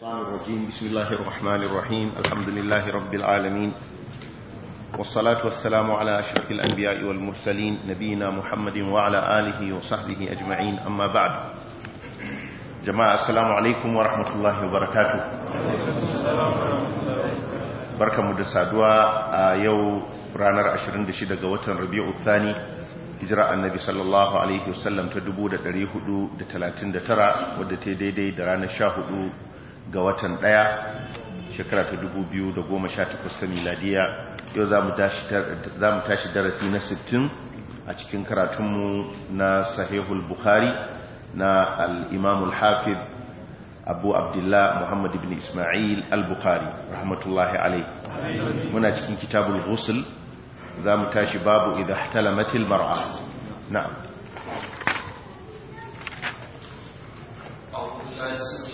الشيطان الرجيم بسم الله الرحمن الرحيم الحمد لله رب العالمين والصلاة والسلام على أشرف الأنبياء والمرسلين نبينا محمد وعلى آله وصحبه أجمعين أما بعد جماعة السلام عليكم ورحمة الله وبركاته بركة مدرسة دواء يو رانر أشرين دشيدة قوة ربيع الثاني hijira annabi sallallahu alaihi wasallam ta 1439 wadda ta daidai da ranar 14 ga watan ɗaya shekara ta 2018 ta miladiya yau za mu tashi darasi na 60 a cikin karatunmu na sahihul bukhari na al'imamul hafiz abu abdullah muhammad ibn ismail al-bukhari rahmatullahi alai muna cikin kitabul ghusl za mu tashi babu idan talamatil mar'a na'am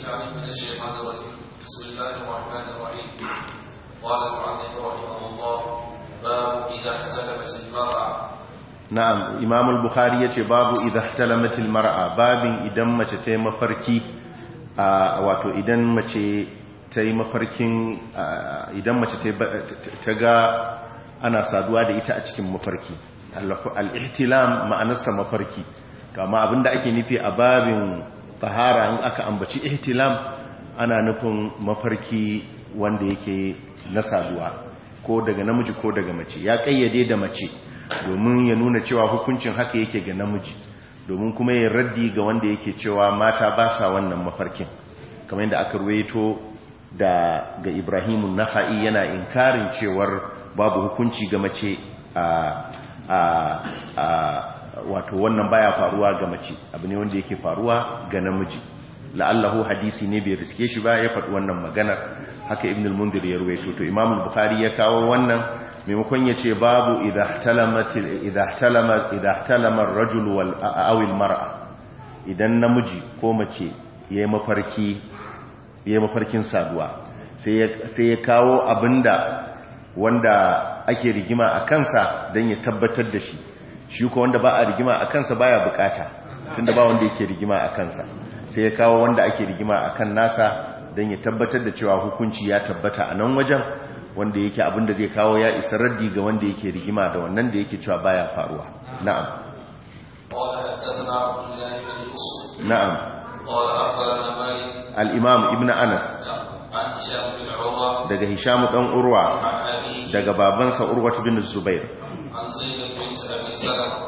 بالله من الشيطان الرجيم بسم الله الرحمن الرحيم قال المعنف رحمه الله باب إذا احتلمت المرأة نعم إمام البخاري يتي باب إذا احتلمت المرأة باب إذن ما تتي مفركي واتو إذن ما تتي مفركين إذن ما تتي أنا سادوا da ita a cikin mafarki al-ihtilam ma'anarsa mafarki to amma abinda ake nufi a babin tahara in aka ambaci ihtilam ana nufin mafarki wanda yake na saduwa ko daga namiji ko daga mace ya kayyade da mace domin ya nuna cewa hukuncin haka yake ga namiji domin kuma ya raddi ga wanda yake cewa mata ba sa wannan mafarkin kamar yadda aka ruwaito da ga Ibrahimun Nafa'i yana inkarin cewar babu hukunci ga mace a wato wannan baya faruwa ga mace abu ne wanda yake faruwa ga namiji la'allahu hadisi ne bai riske shi ba ya faɗi wannan maganar haka ibn al-mundir ya rawaito to imam al-bukhari ya kawo wannan maimakon ya ce babu ar rajul wal al mar'a idan namiji ko mace ya mafarki yayi mafarkin saduwa sai ya kawo abinda wanda ake rigima a kansa don ya tabbatar da shi shi ko wanda ba a rigima a kansa ba ya bukata tunda ba wanda yake rigima a kansa sai ya kawo wanda ake rigima a kan nasa don ya tabbatar da cewa hukunci ya tabbata a nan wajen wanda yake abin da zai kawo ya isa raddi ga wanda yake rigima da wannan da yake cewa baya faruwa na'am na'am al-imam ibn anas daga hisham dan urwa daga babansa urwa bin zubair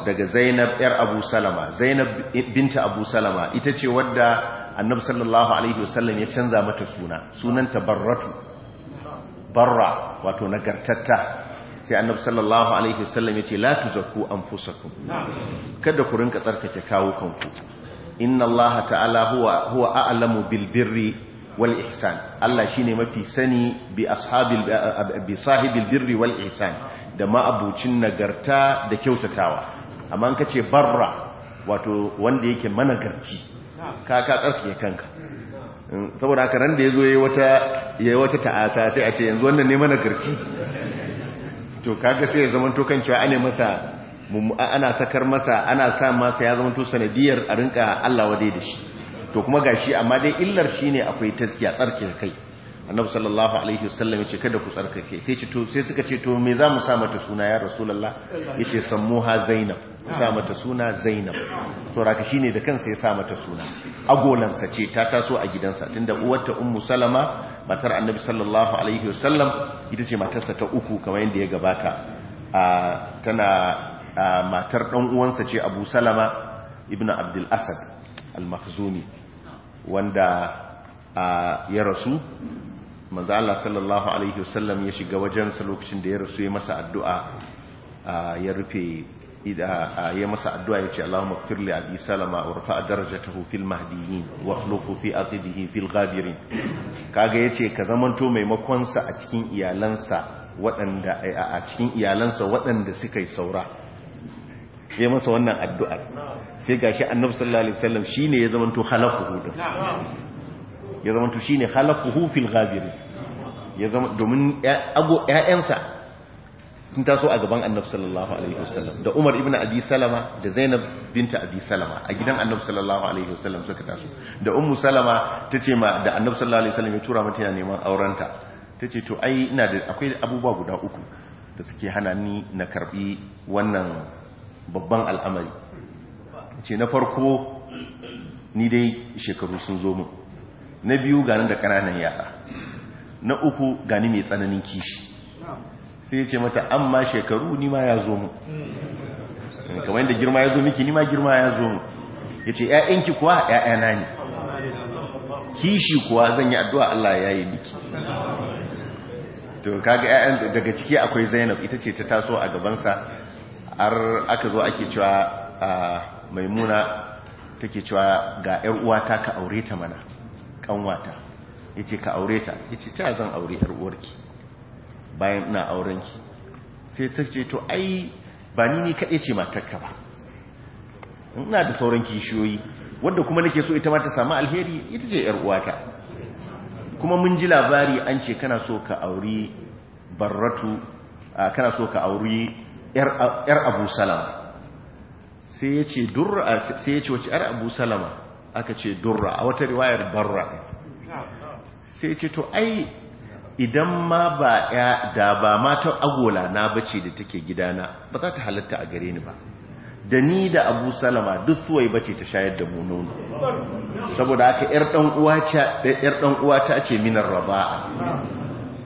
daga Zainab yar Abu Salama Zainab binta Abu Salama ita ce wadda annab sallallahu alaihi wasallam ya canza mata suna sunanta Barratu Barra wato nagartatta sai Annabi sallallahu alaihi wasallam ya ce la tuzakku anfusakum kada ku rinka tsarkake kawo kanku inna Allaha ta'ala huwa huwa a'lamu bil birri wal ihsan Allah shine mafi sani bi ashabil bi sahibil birri wal ihsan da ma'abucin nagarta da kyautatawa amma an kace barra wato wanda yake managarci ka ka ya kanka mm, saboda haka ran da yazo yayi wata yayi wata ta'asa sai a ce yanzu wannan ne managarci to kaga sai ya zama to kan cewa ana masa ana sakar masa ana sa masa ya zama to sanadiyar a rinka Allah wadai da shi to kuma gashi amma dai illar shine akwai taskiya da kai annabi sallallahu alaihi wasallam yace kada ku tsarkake sai ce to sai suka ce to me za mu sa mata suna ya rasulullah yace sammuha zainab ku sa mata suna zainab to raka shine da kansa ya sa mata suna agolansa ce ta taso a gidansa tunda uwarta ummu salama matar annabi sallallahu alaihi wasallam ita ce matarsa ta uku kamar yadda ya gabata tana matar dan uwansa ce abu salama ibnu abdul asad al-makhzumi wanda ya rasu manzo Allah sallallahu alaihi wasallam ya shiga wajensa lokacin da ya rasu ya masa addu'a ya rufe ya masa addu'a ya ce Allahumma ighfir li abi salama wa rafa darajatahu fil mahdiyin wa khlufu fi aqibihi fil ghabirin kaga yace ka zamanto maimakon sa a cikin iyalansa waɗanda a cikin iyalansa waɗanda suka yi saura ya masa wannan addu'a sai gashi annabi sallallahu alaihi wasallam shine ya zamanto halafu hudun ya zama to shine khalaquhu fil ghabiri ya zama domin ‘ya’yansa sun taso a gaban annab sallallahu alaihi wasallam da Umar ibn Abi Salama da Zainab binta Abi Salama a gidan annab sallallahu alaihi wasallam suka taso da Ummu Salama ce ma da annab sallallahu alaihi wasallam ya tura mata yana neman aurenta ce to ai ina da akwai abubuwa guda uku da suke hana ni na karbi wannan babban al'amari ce na farko ni dai shekaru sun zo mu na biyu ganin da ƙananan yara na uku gani mai tsananin kishi sai ya ce mata amma shekaru nima ya zo mu eh, kamar yadda girma ya zo miki nima girma ya zo mu ya ce ‘ya'yanki kuwa ‘ya'yana ne kishi kuwa zan yi addu'a Allah ya yi miki to kaga ‘ya'yan daga ciki akwai zainab ita ce ta taso a gabansa har aka zo ake cewa ah, maimuna take cewa ga ‘yar ta ka aure ta mana kanwata ce ka aure ta ya ce ta zan aure yar uwarki bayan ina aurenki sai ta ce to ai ba ni ne kaɗai ce matarka ba ina da sauran kishiyoyi wadda kuma nake so ita mata ta samu alheri ita ce ƴar uwata kuma mun ji labari an ce kana so ka aure barratu kana so ka aure yar abu salama sai ya ce wacce wace yar abu salama aka ce durra a wata riwayar barra sai ce to ai idan ma ba ya da ba matan agola na bace da take gidana ba za ta halatta a gare ni ba da ni da abu salama duk suwai bace ta shayar da mu nono saboda haka yar dan uwa ta ce minar raba'a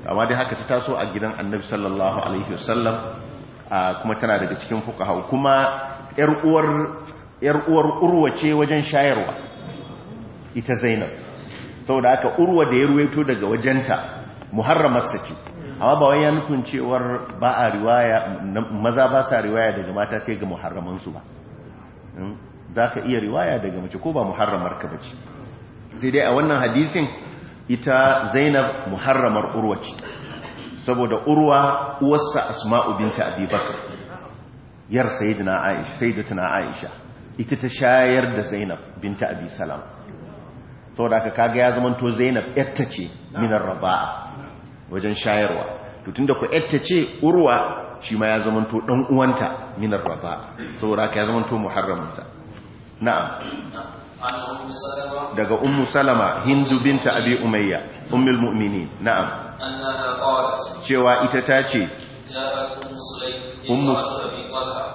amma dai haka ta taso a gidan annabi sallallahu alaihi wasallam kuma tana daga cikin fukahau, kuma yar uwar yar uwar wajen shayarwa ita zainab saboda aka urwa da ya ruwaito daga wajenta muharramar saki amma ba wai ya nufin cewar ba a riwaya maza ba sa riwaya daga mata sai ga muharramansu ba hmm? za ka iya riwaya daga mace ko ba muharramar ka bace sai dai a wannan hadisin ita zainab muharramar urwa ce saboda urwa uwarsa asma'u binta abi bakr yar sayyidina aisha aisha ita ta shayar da zainab binta abi salam saboda aka kaga ya zamanto zainab yarta ce minar raba'a wajen shayarwa to da ku yarta ce urwa shi ma ya to ɗan uwanta minar raba'a saboda aka ya to muharramunta. na'am daga ummu salama hindu binta abi umayya ummul mu'minin na'am cewa ita ta ce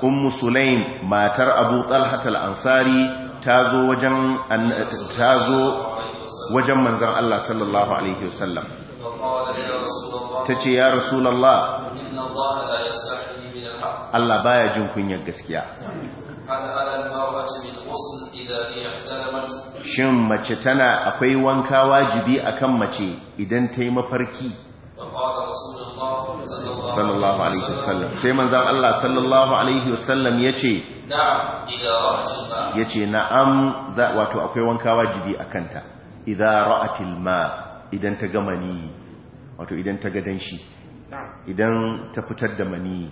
ummu sulaim matar abu talhat al-ansari ta zo wajen manzan manzon Allah sallallahu alaihi wasallam tace ya rasulullah inna Allah baya jin kunyar gaskiya shin mace tana akwai wanka wajibi akan mace idan ta yi mafarki sallallahu alaihi wasallam sai manzon Allah sallallahu alaihi wasallam yace yace na'am za wato akwai wanka wajibi akan ta idza ra'atil ma idan ta ga mani wato idan ta ga danshi idan ta fitar da mani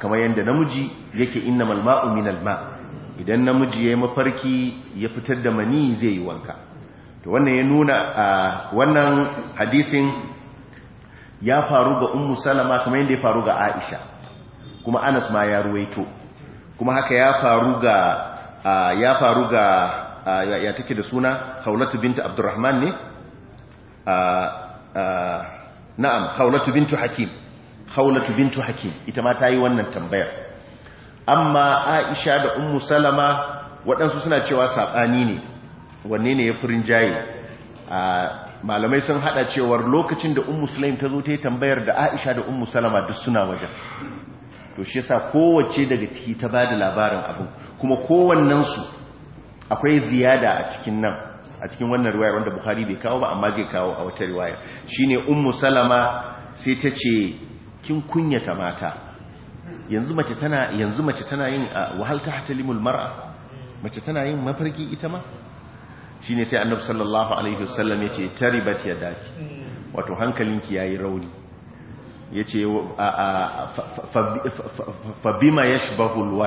kamar yanda namiji yake innamal ma'u minal ma idan namiji yayi mafarki ya fitar da mani zai yi wanka to wannan ya nuna wannan hadisin ya faru ga ummu salama kamar yadda ya faru ga aisha kuma anas ma ya ruwaito kuma haka ya faru ga ya faru ga ya take da suna khawlatu bintu abdurrahman ne na'am khawlatu bintu hakim khawlatu bintu hakim ita ma ta yi wannan tambayar amma aisha da ummu salama waɗansu suna cewa saɓani ne wanne ne ya furin jaye malamai sun hada cewar lokacin da ummu sulaim ta zo ta yi tambayar da aisha da ummu salama duk suna wajen to shi yasa kowace daga ciki ta ba da labarin abin kuma kowannensu akwai ziyada a cikin nan a cikin wannan riwayar wanda buhari bai kawo ba amma zai kawo a wata riwaya. shine ummu salama sai ta ce kin kunyata mata yanzu mace tana yanzu mace tana yin ah, wahal hatalimul mar'a mace tana yin mafarki ita ma shine sai annabi sallallahu alaihi wasallam yace taribat daki wato hankalinki ya yi rauni yace ya bima yashbahu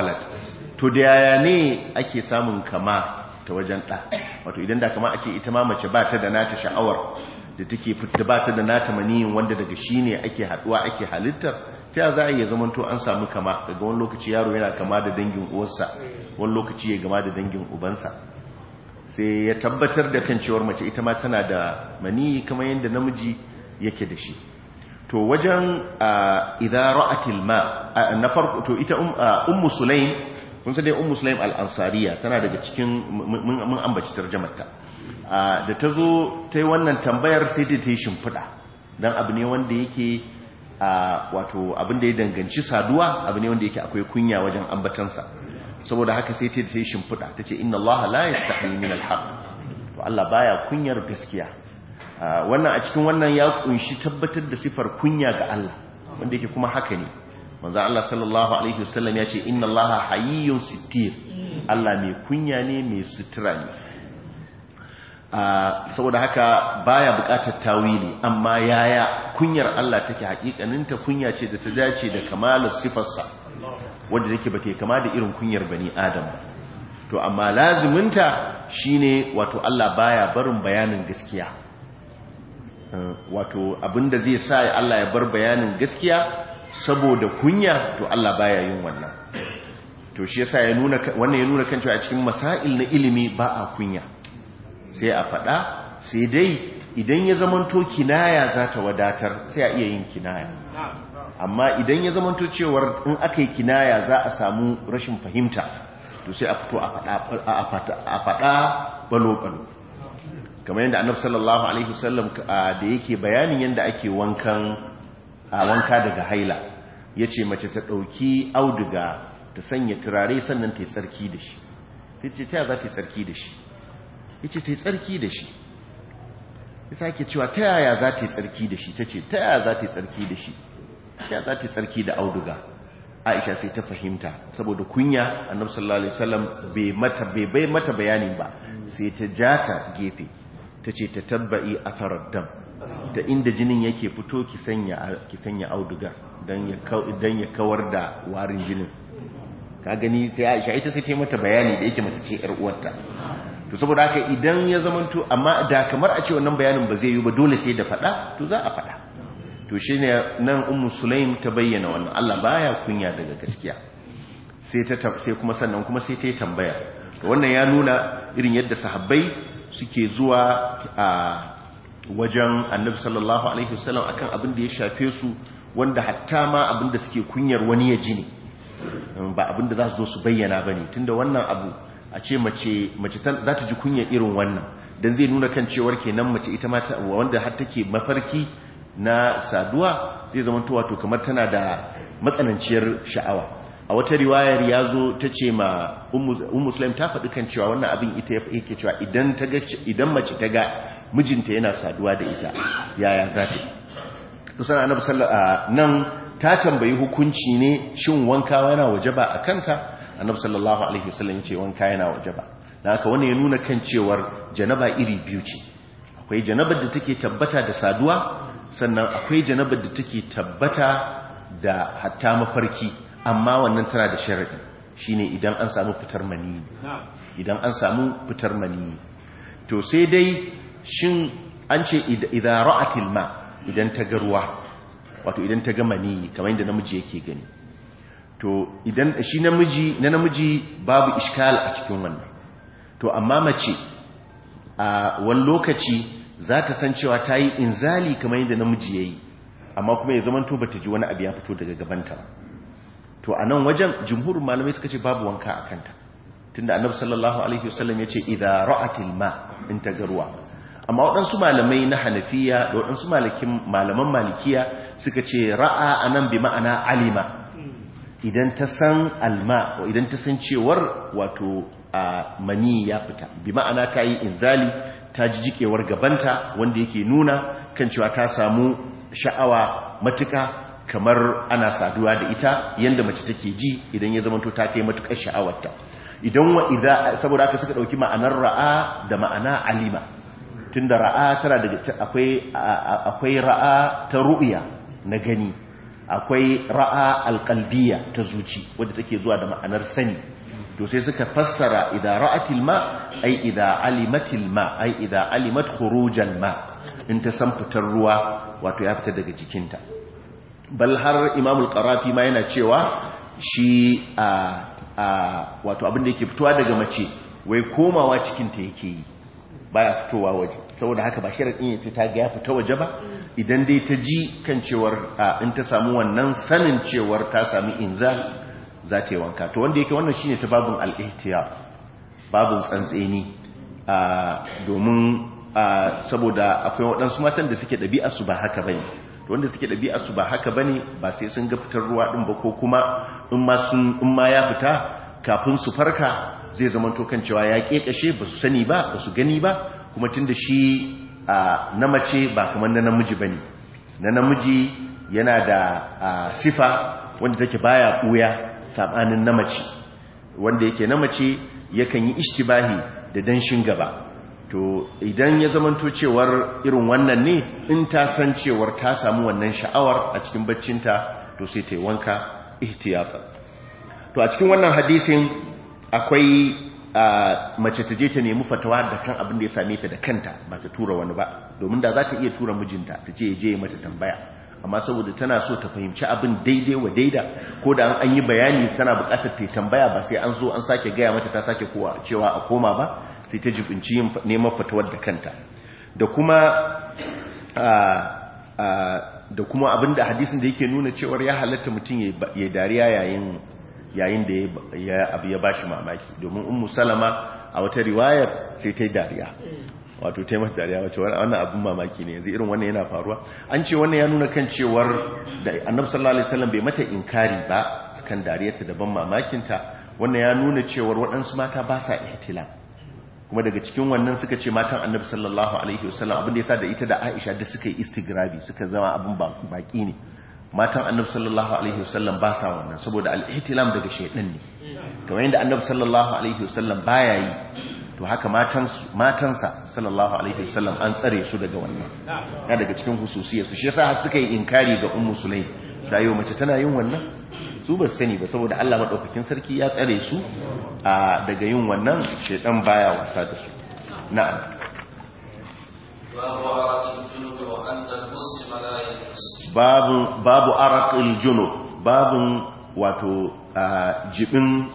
to da yaya ne ake samun kama ta wajen ɗa wato idan da kama ake ita ma mace ba ta da nata sha'awar da take fita ba ta da nata maniyin wanda daga shi ne ake haduwa ake halittar ta za a iya to an samu kama daga wani lokaci yaro yana kama da dangin uwarsa wani lokaci ya gama da dangin ubansa sai ya tabbatar da kan cewar mace ita ma tana da mani kamar yadda namiji yake da shi to wajen idza a ma na farko to ita um, ummu sulaim kun sai dai ummu sulaim al-ansariya tana daga cikin mun ambaci tarjumarta da ta zo ta yi wannan tambayar sai ta yi shimfida don abu ne wanda yake wato abin da ya danganci saduwa abu ne wanda yake akwai kunya wajen ambatansa saboda haka sai ta sai shimfiɗa ta ce inna allaha la yastahi min alhaq to Allah baya kunyar gaskiya ah, wannan a cikin wannan ya kunshi tabbatar da sifar kunya ga Allah wanda yake kuma haka ne manzo Allah sallallahu alaihi wasallam ya ce inna allaha hayyun sittir Allah mai kunya ne mai sutura ne ah, saboda haka baya bukatar tawili amma yaya kunyar Allah take hakikaninta kunya ce da ta dace da kamalar sifarsa wanda take ba ta kama da irin kunyar bani adam ba to amma laziminta shine wato Allah baya barin bayanin gaskiya eh, wato abinda zai sa Allah ya bar bayanin gaskiya saboda kunya to Allah baya yin wannan to shi yasa ya nuna wannan ya nuna kan cewa a cikin masail na ilimi ba a kunya sai a faɗa sai dai idan ya zamanto kinaya za ta wadatar sai a iya yin kinaya amma idan ya zamanto cewar in aka yi kinaya za a samu rashin fahimta to sai a fito a faɗa balo-balo kamar yadda annabi sallallahu alaihi wasallam da yake bayanin yadda ake wankan wanka daga haila ya ce mace ta ɗauki auduga ta sanya turare sannan ta yi tsarki da shi sai ce ta yi tsarki da shi ta yi tsarki da shi ya sake cewa ta yaya za ta yi tsarki da shi ta ce ta yaya za ta yi tsarki da shi ta za ta yi tsarki da auduga aisha sai ta fahimta saboda kunya annabi sallallahu alaihi wasallam bai mata bai mata bayanin ba sai ta ja ta gefe ta ce ta tabbai atharar dam ta inda jinin yake fito ki sanya ki auduga dan ya kawar da warin jinin ka gani sai aisha ita sai ta yi mata bayani da yake mata ce yar uwarta to saboda haka idan ya zamanto amma da kamar a ce wannan bayanin ba zai yi ba dole sai da faɗa to za a faɗa to shi ne nan ummu sulaim ta bayyana wannan Allah baya kunya daga gaskiya sai ta sai kuma sannan kuma sai ta yi tambaya to wannan ya nuna irin yadda sahabbai suke zuwa a wajen annabi sallallahu alaihi wasallam akan abin da ya shafe su wanda hatta ma abin da suke kunyar wani ya ji ne ba abin da za su zo su bayyana bane tunda wannan abu a ce mace mace za ta ji kunya irin wannan don zai nuna kan cewar kenan mace ita ma wanda har take mafarki na saduwa zai zama to kamar tana da matsananciyar sha'awa a wata riwayar ya zo ta ce ma ummu ta faɗi kan cewa wannan abin ita yake cewa idan idan mace ta ga mijinta yana saduwa da ita yaya za ta to sana annabi sallallahu nan ta tambayi hukunci ne shin wanka yana wajaba a kanka annabi sallallahu alaihi wasallam ce wanka yana wajaba dan haka wannan ya nuna kan cewar janaba iri biyu ce akwai janabar da take tabbata da saduwa sannan akwai janabar da take tabbata da hatta mafarki amma wannan tana da sharadi shine idan an samu fitar mani idan an samu fitar mani to sai dai shin an ce idza ra'atil ma idan ta ga ruwa wato idan ta ga mani kamar yadda namiji yake gani to idan shi namiji na namiji babu iskal a cikin wannan to amma mace a wani lokaci za ta san cewa ta yi inzali kamar yadda namiji ya yi amma kuma ya zamanto ba ta ji wani abu ya fito daga gabanta to a nan wajen jumhurin malamai suka ce babu wanka a kanta tunda annabi sallallahu alaihi wasallam ya ce idza ra'atil ma in ta garuwa amma waɗansu malamai na hanafiya da waɗansu malaman malikiya suka ce ra'a anan bi ma'ana alima idan ta san alma idan ta san cewar wato a mani ya fita bi ma'ana ta yi inzali ta ji jikewar gabanta wanda yake nuna kan cewa ta samu sha'awa matuka kamar ana saduwa da ita yadda mace take ji idan ya zama zamanto ta kai matukar sha'awarta idan wa idza saboda aka suka dauki ma'anar ra'a da ma'ana alima tunda ra'a tana daga akwai akwai ra'a ta ru'ya na gani akwai ra'a alqalbiyya ta zuci wadda take zuwa da ma'anar sani to sai suka fassara idan ra'atil ma ai idan alimatil ma ai idan alimat khurujal ma in ta san fitar ruwa wato ya fita daga jikinta bal har imamul qarafi ma yana cewa shi a wato abin da yake fitowa daga mace wai komawa cikinta yake yi baya fitowa waje saboda haka ba sharaɗin ya ta ga ya fita waje ba idan dai ta ji kan cewar in ta samu wannan sanin cewar ta sami inza za ta yi wanka to wanda yake wannan shine ta babin al'ihtiya babin tsantseni domin saboda akwai waɗansu matan da suke ɗabi'a su ba haka bane wanda suke ɗabi'a ba haka bane ba sai sun ga fitar ruwa ɗin ba ko kuma in ma ya fita kafin su farka zai zama to kan cewa ya kekashe ba su sani ba ba su gani ba kuma tunda shi na mace ba kamar na namiji ba ne na namiji yana da sifa wanda take baya buya saɓanin na mace wanda yake na mace yakan yi ishtibahi da danshin gaba to idan ya zamanto cewar irin wannan ne in ta san cewar ta samu wannan sha'awar a cikin baccinta to sai ta yi wanka ihtiyata to a cikin wannan hadisin akwai mace ta je ta nemi fatawa da kan abin da ya same ta da kanta ba ta tura wani ba domin da za ta iya tura mijinta ta ce je mata tambaya amma saboda tana so ta fahimci abin daidai wa daida ko da an yi bayani tana bukatar ta tambaya ba sai an zo an sake gaya mata ta sake kowa cewa a koma ba sai ta jibinci neman fatawar da kanta da kuma da abin da hadisin da yake nuna cewar ya halatta mutum ya dariya yayin yayin da ya abu ya bashi mamaki domin ummu salama a wata riwayar sai ta yi dariya mm. wato ta yi mata dariya wace wannan abin mamaki ne yanzu irin wannan yana faruwa an ce wannan ya nuna kan cewar da annabi sallallahu alaihi wasallam bai mata inkari ba akan dariyarta da ban mamakinta wannan ya nuna cewar waɗansu mata ba sa ihtilam kuma daga cikin wannan suka ce matan annabi sallallahu alaihi wasallam abin da yasa da ita da Aisha da suka yi istigrabi suka zama abin baki ne matan annabi sallallahu alaihi wasallam ba sa wannan saboda al-ihtilam daga shaydan ne kamar inda annabi sallallahu alaihi wasallam baya yi to haka matansa sallallahu alaihi wasallam an tsare su daga wannan na daga cikin su shi yasa har suka yi inkari ga ummu sulay ta yau mace tana yin wannan su ba sani ba saboda Allah madaukakin sarki ya tsare su a daga yin wannan shedan baya wasa da su na'am wa wa anna al-muslima la yusli babu babu al junub babu wato jibin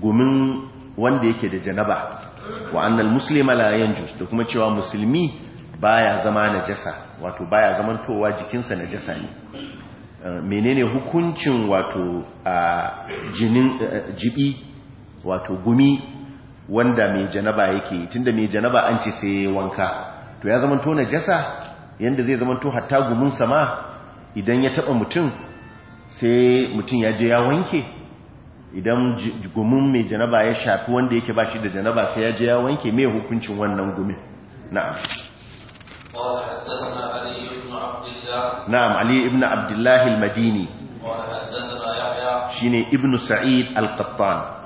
gumin wanda yake da janaba wa annal muslima la yanjus da kuma cewa musulmi baya zama najasa wato baya zamantowa jikinsa najasa ne menene hukuncin wato jinin jibi wato gumi wanda mai janaba yake tunda mai janaba an ce sai wanka to ya zamanto najasa yanda zai zamanto hatta gumin sama idan ya taba mutum sai mutum ya je ya wanke idan gumin mai janaba ya shafi wanda yake bashi da janaba sai ya je ya wanke mai hukuncin wannan gumin na'am na'am ali ibn Abdullahi al-madini shine ibn sa'id al-qattan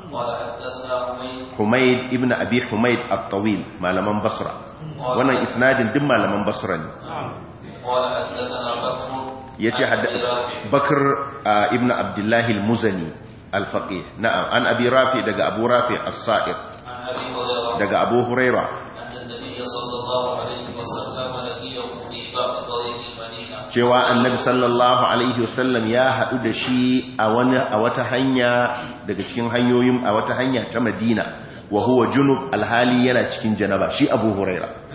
Humaid ibn Abi Humaid al-Tawil malaman Basra wannan isnadin din malaman Basra ne Ya yace Bakar ibn abdullahi al-muzani al-faqih na'am an abi rafi daga abu rafi as-sa'id daga abu huraira cewa annabi sallallahu alaihi wasallam ya haɗu da shi a wani a wata hanya daga cikin hanyoyin a wata hanya ta Madina wa huwa junub alhali yana cikin janaba shi Abu Huraira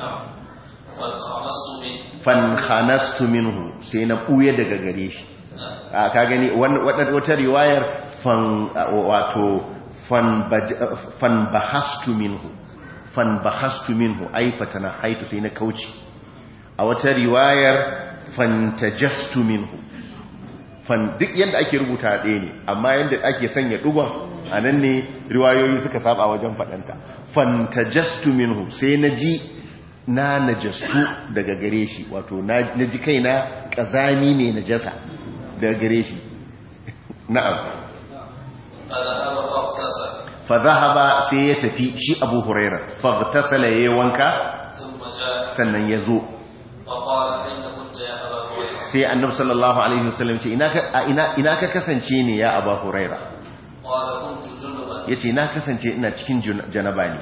fankanastu minhu sai na buye daga gare shi ka gani wata riwayar fan wato fan bahastu minhu fan minhu ai na haitu sai na kauci. a wata riwayar fantajastu minhu duk yadda ake rubuta ɗaya ne amma yadda ake sanya ɗugon a nan ne riwayoyi suka saba wajen faɗanta fantajastu minhu sai na ji na najasu daga gare shi wato na ji na kazami mai najasa daga gare shi na'am fa zahaba sai ya tafi shi abu huraira fa tasala yayi wanka sannan ya zo sai annabi sallallahu alaihi wasallam ce ina ka kasance ne ya abu huraira yace na kasance ina cikin janaba ne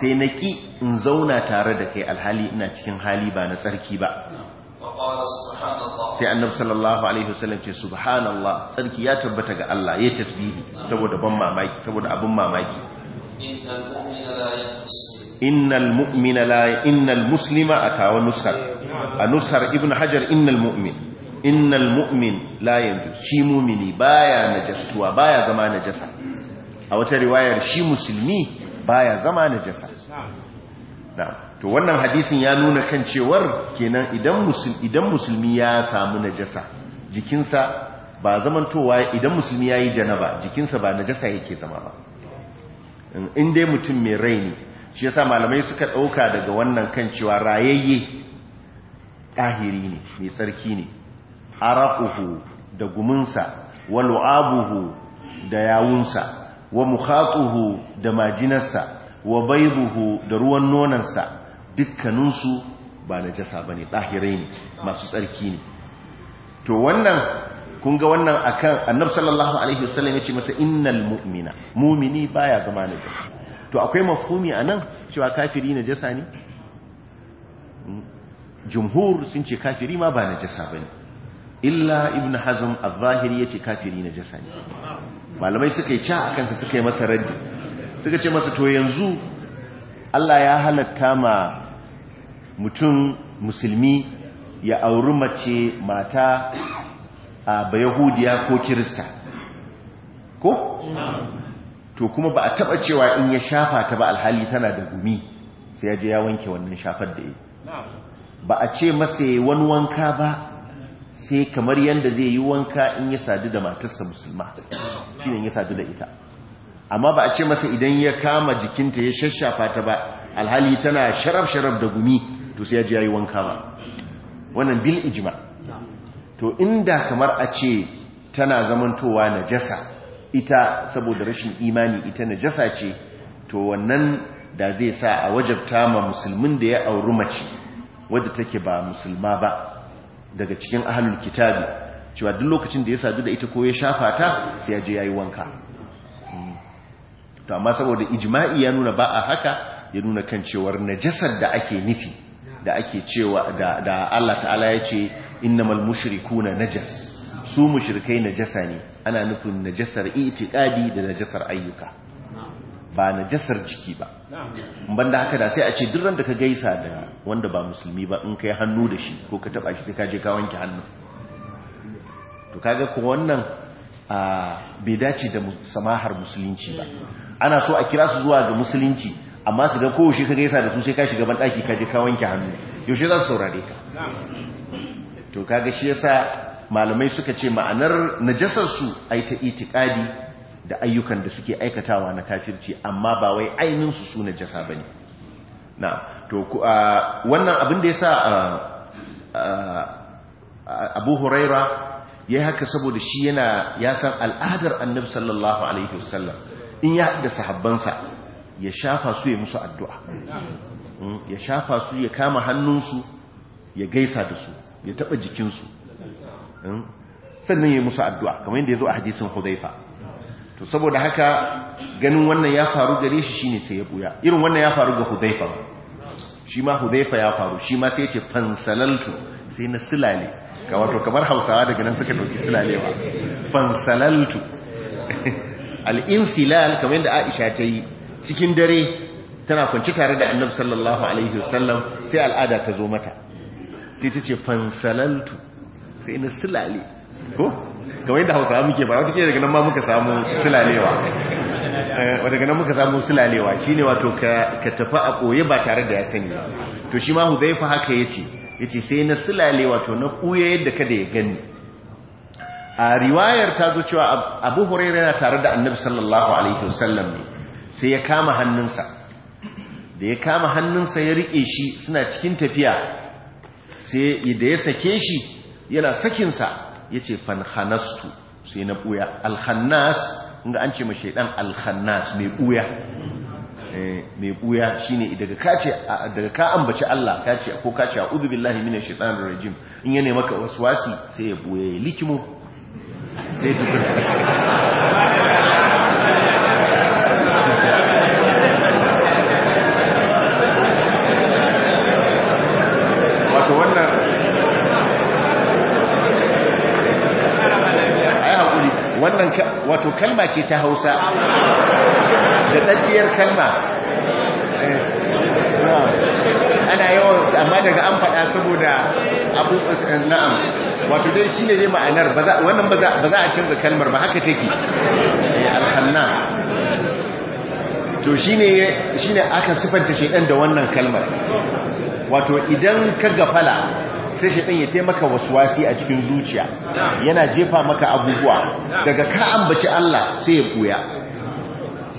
sai na ƙi in zauna tare da kai alhali ina cikin hali ba na tsarki ba sai annabi sallallahu alaihi wasallam ce subhanallah tsarki ya tabbata ga Allah ya tasbihi saboda ban mamaki saboda abin mamaki innal mu'mina la innal muslima akawa nusar a nusar ibnu hajar innal mu'min innal mu'min la yanzu shi mumini baya najastuwa baya zama najasa a wata riwayar shi musulmi baya zama najasa to wannan hadisin ya nuna kan cewar kenan idan musulmi idan musulmi ya samu najasa jikinsa ba zamantowa idan musulmi yayi janaba jikinsa ba najasa yake zama ba in dai mutum mai rai ne shi yasa malamai suka dauka daga wannan kan cewa rayayye ɗahiri ne mai tsarki ne araquhu da gumunsa walu'abuhu da yawunsa wa mukhatuhu da majinarsa wa baiduhu da ruwan nonansa dukkaninsu ba najasa bane dahirai ne masu tsarki ne to wannan kun ga wannan akan annabi sallallahu alaihi wasallam yace masa innal mu'mina mu'mini baya zama najasa to akwai mafhumi anan cewa kafiri najasa ne jumhur sun ce kafiri ma ba najasa bane illa ibn hazm az-zahiri yace kafiri najasa ne malamai suka yi ca a kansa suka yi masa raddi suka ce masa to yanzu Allah ya halatta ma mutum musulmi ya auri mace mata a bayahudiya ko kirista ko? to kuma ba a taba cewa in ya shafa ta ba alhali tana da gumi sai ya je ya wanke wannan shafar da ya ba a ce masa ya wani wanka ba sai kamar yadda zai yi wanka in ya sadu da matarsa musulma tafiyan ya sadu da ita amma ba a ce masa idan ya kama jikinta ya shashafa ta ba alhali tana sharaf-sharaf da gumi to sai ya ji yayi wanka ba wannan bil ijma to inda kamar a ce tana zamantowa na jasa ita saboda rashin imani ita na jasa ce to wannan da zai sa a wajabta ma musulmin da ya auri mace wadda take ba musulma ba daga cikin ahalul kitabi cewa duk lokacin da ya sadu da ita ko ya shafa ta sai ya je yayi wanka hmm. to amma saboda ijma'i ya nuna ba a haka ya nuna kan cewar najasar da ake nufi da ake cewa da, Allah ta'ala ya ce innamal mushrikuna najas su mushrikai najasa ne ana nufin najasar itiqadi da najasar ayyuka ba najasar jiki ba banda haka da sai a ce duk ran da ka gaisa da wanda ba musulmi ba in kai hannu da shi ko ka taba shi sai ka je ka wanke hannu Ka kaga ko wannan bai dace da samahar musulunci ba ana so a kira su zuwa ga musulunci amma su ga kowace ka gaisa da su sai ka shiga banɗaki ka je ka wanke hannu yaushe za su saurare ka to kaga shi yasa malamai suka ce ma'anar najasar su ai ta itikadi da ayyukan da suke aikatawa na kafirci amma ba wai aininsu su su najasa ne. na to wannan abin da ya sa Abu Huraira ya yi haka saboda shi yana ya san al'adar annabi sallallahu alaihi wasallam in ya da sahabbansa ya shafa su ya musu addu'a mm, ya shafa su ya kama hannunsu ya gaisa da su ya taɓa jikinsu mm, sannan ya musu addu'a kamar yadda ya zo a hadisin hudaifa to saboda haka ganin wannan ya faru gare shi shine sai ya buya irin wannan ya faru ga hudaifa shi ma hudaifa ya faru shi ma sai ya ce fansalaltu sai na silale ga kamar hausawa daga nan suka ɗauki silalewa fansalaltu al'insilal kamar yadda aisha ta yi cikin dare tana kwanci tare da annab sallallahu alaihi wasallam sai al'ada ta zo mata sai ta ce fansalaltu sai na silale ko kamar yadda hausawa muke ba wata ce daga nan ma muka samu silalewa eh, daga nan muka samu silalewa shine wato ka tafi a koye ba tare da ya sani to shi ma huzaifa haka ya ce yace sai na sulale wato na kuya yadda kada ya gani a riwayar ta zo cewa Abu Hurairah yana tare da Annabi sallallahu alaihi wasallam ne sai ya kama hannunsa da ya kama hannunsa ya rike shi suna cikin tafiya sai da ya sake shi yana sakinsa yace fanhanastu sai na buya alhannas inda an ce ma dan alhannas mai buya Eh, mai buya shine daga ka ce daga ka ambaci Allah ka ce ko ka ce a'udhu billahi minash shaitanir rajim in ya maka waswasi sai ya buya ya likimu sai tukuna wato wannan ai hakuri wannan wato kalma ce ta Hausa da tsaddiyar kalma ana yawan amma daga an faɗa saboda abubuwan na'am wato dai shi ne ne ma'anar wannan ba za a canza kalmar ba haka take eh, alhanna to shi ne aka siffanta shaidan da wannan kalmar wato idan ka gafala sai shaidan ya taimaka wasu wasi a cikin zuciya yana jefa maka abubuwa daga ka ambaci Allah sai ya buya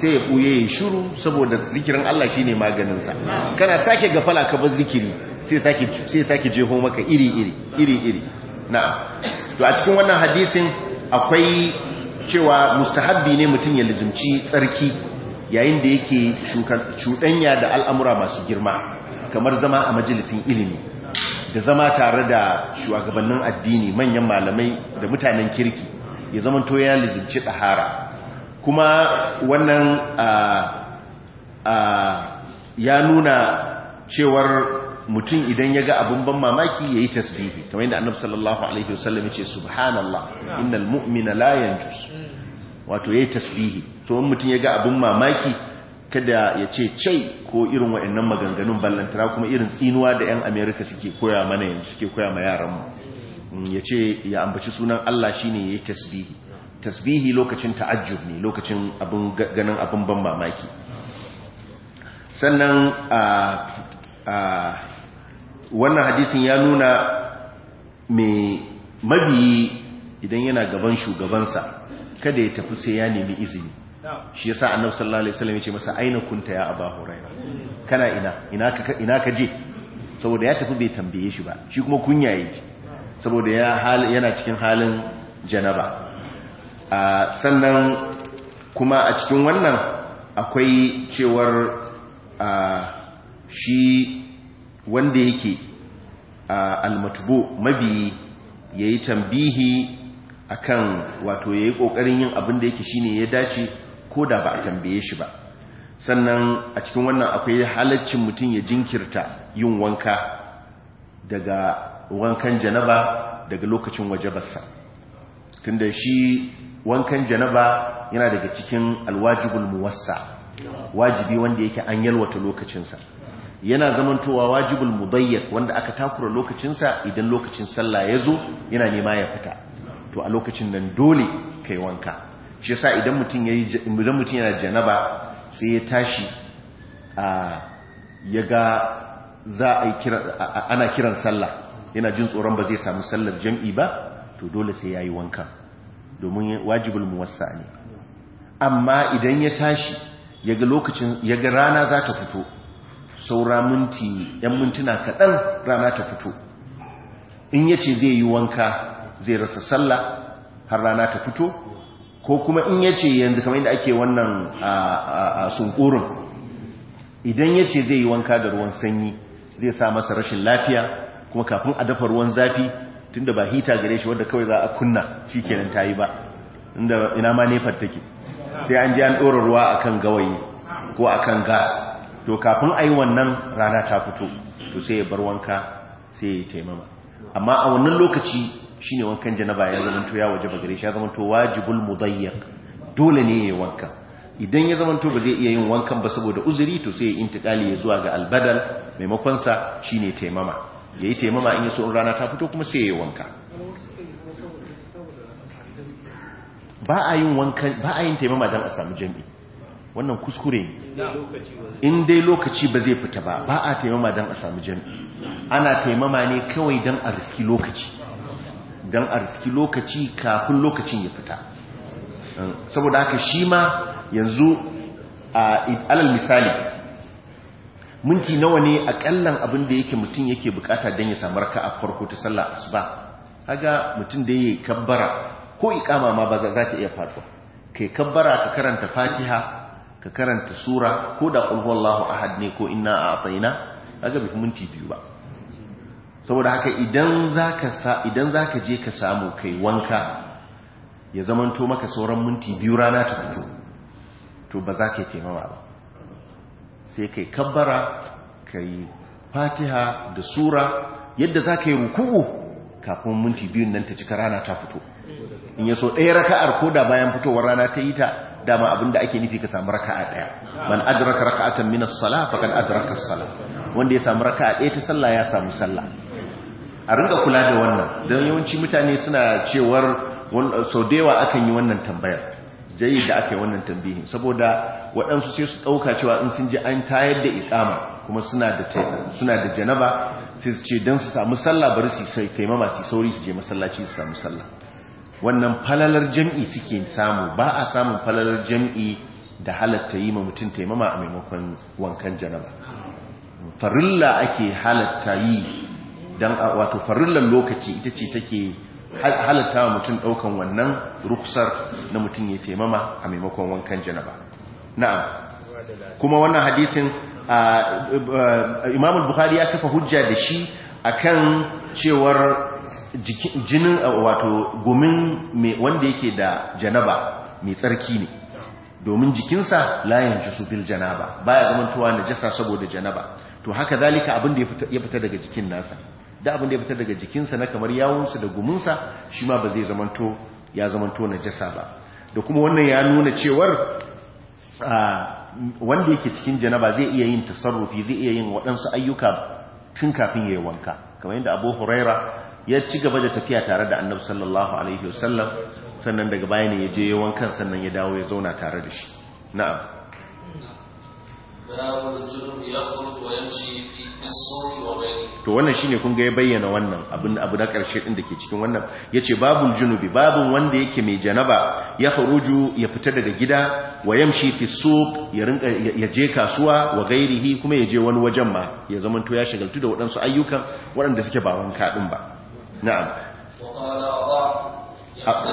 sai ya ɓuye ya shuru saboda zikirin Allah shi ne maganinsa kana sake gafala ka bar zikiri sai sake jeho maka iri-iri iri-iri na to a cikin wannan hadisin akwai cewa mustahabbi ne mutum ya lizumci tsarki yayin da yake cuɗanya da al'amura masu girma kamar zama a majalisin ilimi da zama tare da shugabannin addini manyan malamai da mutanen kirki ya zama to ya lizumci ɗahara kuma wannan ya nuna cewar mutum idan ya ga abin ban mamaki ya yi tasbihi kamar yadda annabi sallallahu alaihi wasallam ya ce subhanallah innal mu'mina la yanjus wato yayi tasbihi to in mutum ya ga abin mamaki kada ya ce cai ko irin wa'annan maganganun ballantara kuma irin tsinuwa da yan Amerika suke koya mana yanzu suke koya ma yaran mu mm, ya ce ya ambaci sunan Allah shine yayi tasbihi tasbihi lokacin ta'ajjub ne lokacin abin ganin abin ban mamaki sannan wannan hadisin ya nuna mai mabiyi idan yana gaban shugabansa kada ya tafi sai ya nemi izini shi yasa annabi sallallahu alaihi wasallam ya ce masa aina kunta ya aba huraira kana ina ina ka ina ka je saboda ya tafi bai tambaye shi ba shi kuma kunya yake saboda ya yana cikin halin janaba sannan kuma a cikin wannan akwai cewar shi wanda yake almatubo mabi ya yi tambihi a kan wato ya yi ƙoƙarin yin abin da yake shine ya dace ko da ba a tambaye shi ba sannan a cikin wannan akwai halaccin mutum ya jinkirta yin wanka daga wankan janaba daga lokacin wajabarsa tunda shi wankan janaba yana daga cikin alwajibul muwassa wajibi wanda yake an yalwata lokacinsa yana zamantowa wajibul mudayyad wanda aka takura lokacinsa idan lokacin sallah ya zo yana nema ya fita to a lokacin nan dole kai wanka shi yasa idan mutum yayi idan mutum yana janaba sai ya tashi a yaga za a yi ana kiran sallah yana jin tsoron ba zai samu sallar jam'i ba to dole sai yayi wanka domin wajibul muwassa ne amma idan ya tashi yaga lokacin yaga rana za ta fito saura minti yan mintuna kaɗan rana ta fito in ya ce zai yi wanka zai rasa sallah har rana ta fito ko kuma in ya ce yanzu kamar inda ake wannan a sunkurin idan ce zai yi wanka da ruwan sanyi zai sa masa rashin lafiya kuma kafin a dafa ruwan zafi tunda ba hita gare shi wanda kawai za a kunna shi kenan ta yi ba inda ina ma nefar take sai an ji an ɗora ruwa a kan gawayi ko a kan gas to kafin a yi wannan rana ta fito to sai ya bar wanka sai ya yi taimama amma a wannan lokaci shi ne wankan janaba ya zama to ya waje bagare shi ya zamanto wajibul mudayyak dole ne ya yi wanka idan ya zamanto ba zai iya yin wankan ba saboda uzuri to sai ya intikali ya zuwa ga albadal maimakon sa shine taimama ya yi taimama in yi so rana ta fito kuma sai ya yi wanka ba a yin taimama don a samu jami'i wannan kuskure ne in dai lokaci ba zai fita ba ba a taimama don a samu jami'i ana taimama ne kawai don a riski lokaci don a riski lokaci kafin lokacin ya fita saboda haka shi ma yanzu a alal misali minti nawa ne a kallon abin da yake mutum yake bukata don ya samu a farko ta sallah asuba kaga mutum da yayi kabbara ko ikama ma ba za ta iya Ka kai kabbara ka karanta fatiha ka karanta sura ko da qul huwallahu ahad ne ko inna a'tayna kaga bi minti biyu ba saboda haka idan zaka sa je ka samu kai wanka ya zamanto maka sauran minti biyu rana ta fito to ba za ka yi taimama ba sai kai kabbara kai fatiha da sura yadda za ka yi ruku'u kafin minti biyun nan ta cika rana ta fito in yaso ɗaya raka'ar ko da bayan fitowar rana ta yi ta dama abinda ake nufi ka samu raka'a ɗaya man adraka raka'atan min as-salah faqad adraka as-salah wanda ya samu raka'a ɗaya ta sallah ya samu sallah a rinka kula da wannan dan yawanci mutane suna cewar sau da yawa akan yi wannan tambayar jayyid da aka wannan tambihin saboda waɗansu sai su ɗauka cewa in sun ji an tayar da iƙama kuma suna da janaba sai su ce don su samu sallah bari su sai taimama su sauri su je masallaci su samu sallah wannan falalar jam'i suke samu ba a samun falalar jam'i da halatta yi ma mutum taimama a maimakon wankan janaba farilla ake halatta yi don wato farillar lokaci ita ce take halatta wa mutum ɗaukan wannan ruksar na mutum ya taimama a maimakon wankan janaba na'am kuma wannan hadisin imamul bukhari ya kafa hujja da shi a kan cewar jinin wato gumin wanda yake da janaba mai tsarki ne domin jikinsa layan jisu bil janaba baya na jasa saboda janaba to haka zalika abin da ya fita daga jikin nasa da abin da ya fitar daga jikinsa na kamar yawunsa da gumunsa shi ma ba zai zamanto ya zamanto jasa ba da kuma wannan ya nuna cewar wanda yake cikin janaba zai iya yin tasarrufi zai iya yin waɗansu ayyuka tun kafin ya yi wanka kamar yadda abu huraira ya ci gaba da tafiya tare da annabi sallallahu alaihi wasallam sannan daga baya ne ya je yawon kan sannan ya dawo ya zauna tare da shi na'am to wannan shine kun ga ya bayyana wannan abin abu na karshe din dake cikin wannan yace babul junubi babun wanda yake mai janaba ya khuruju ya fita daga gida wa yamshi fi suq ya rinka ya je kasuwa wa gairihi kuma ya je wani wajen ma ya zaman to ya shagaltu da wadansu ayyukan waɗanda suke ba wanka din ba na'am wa qala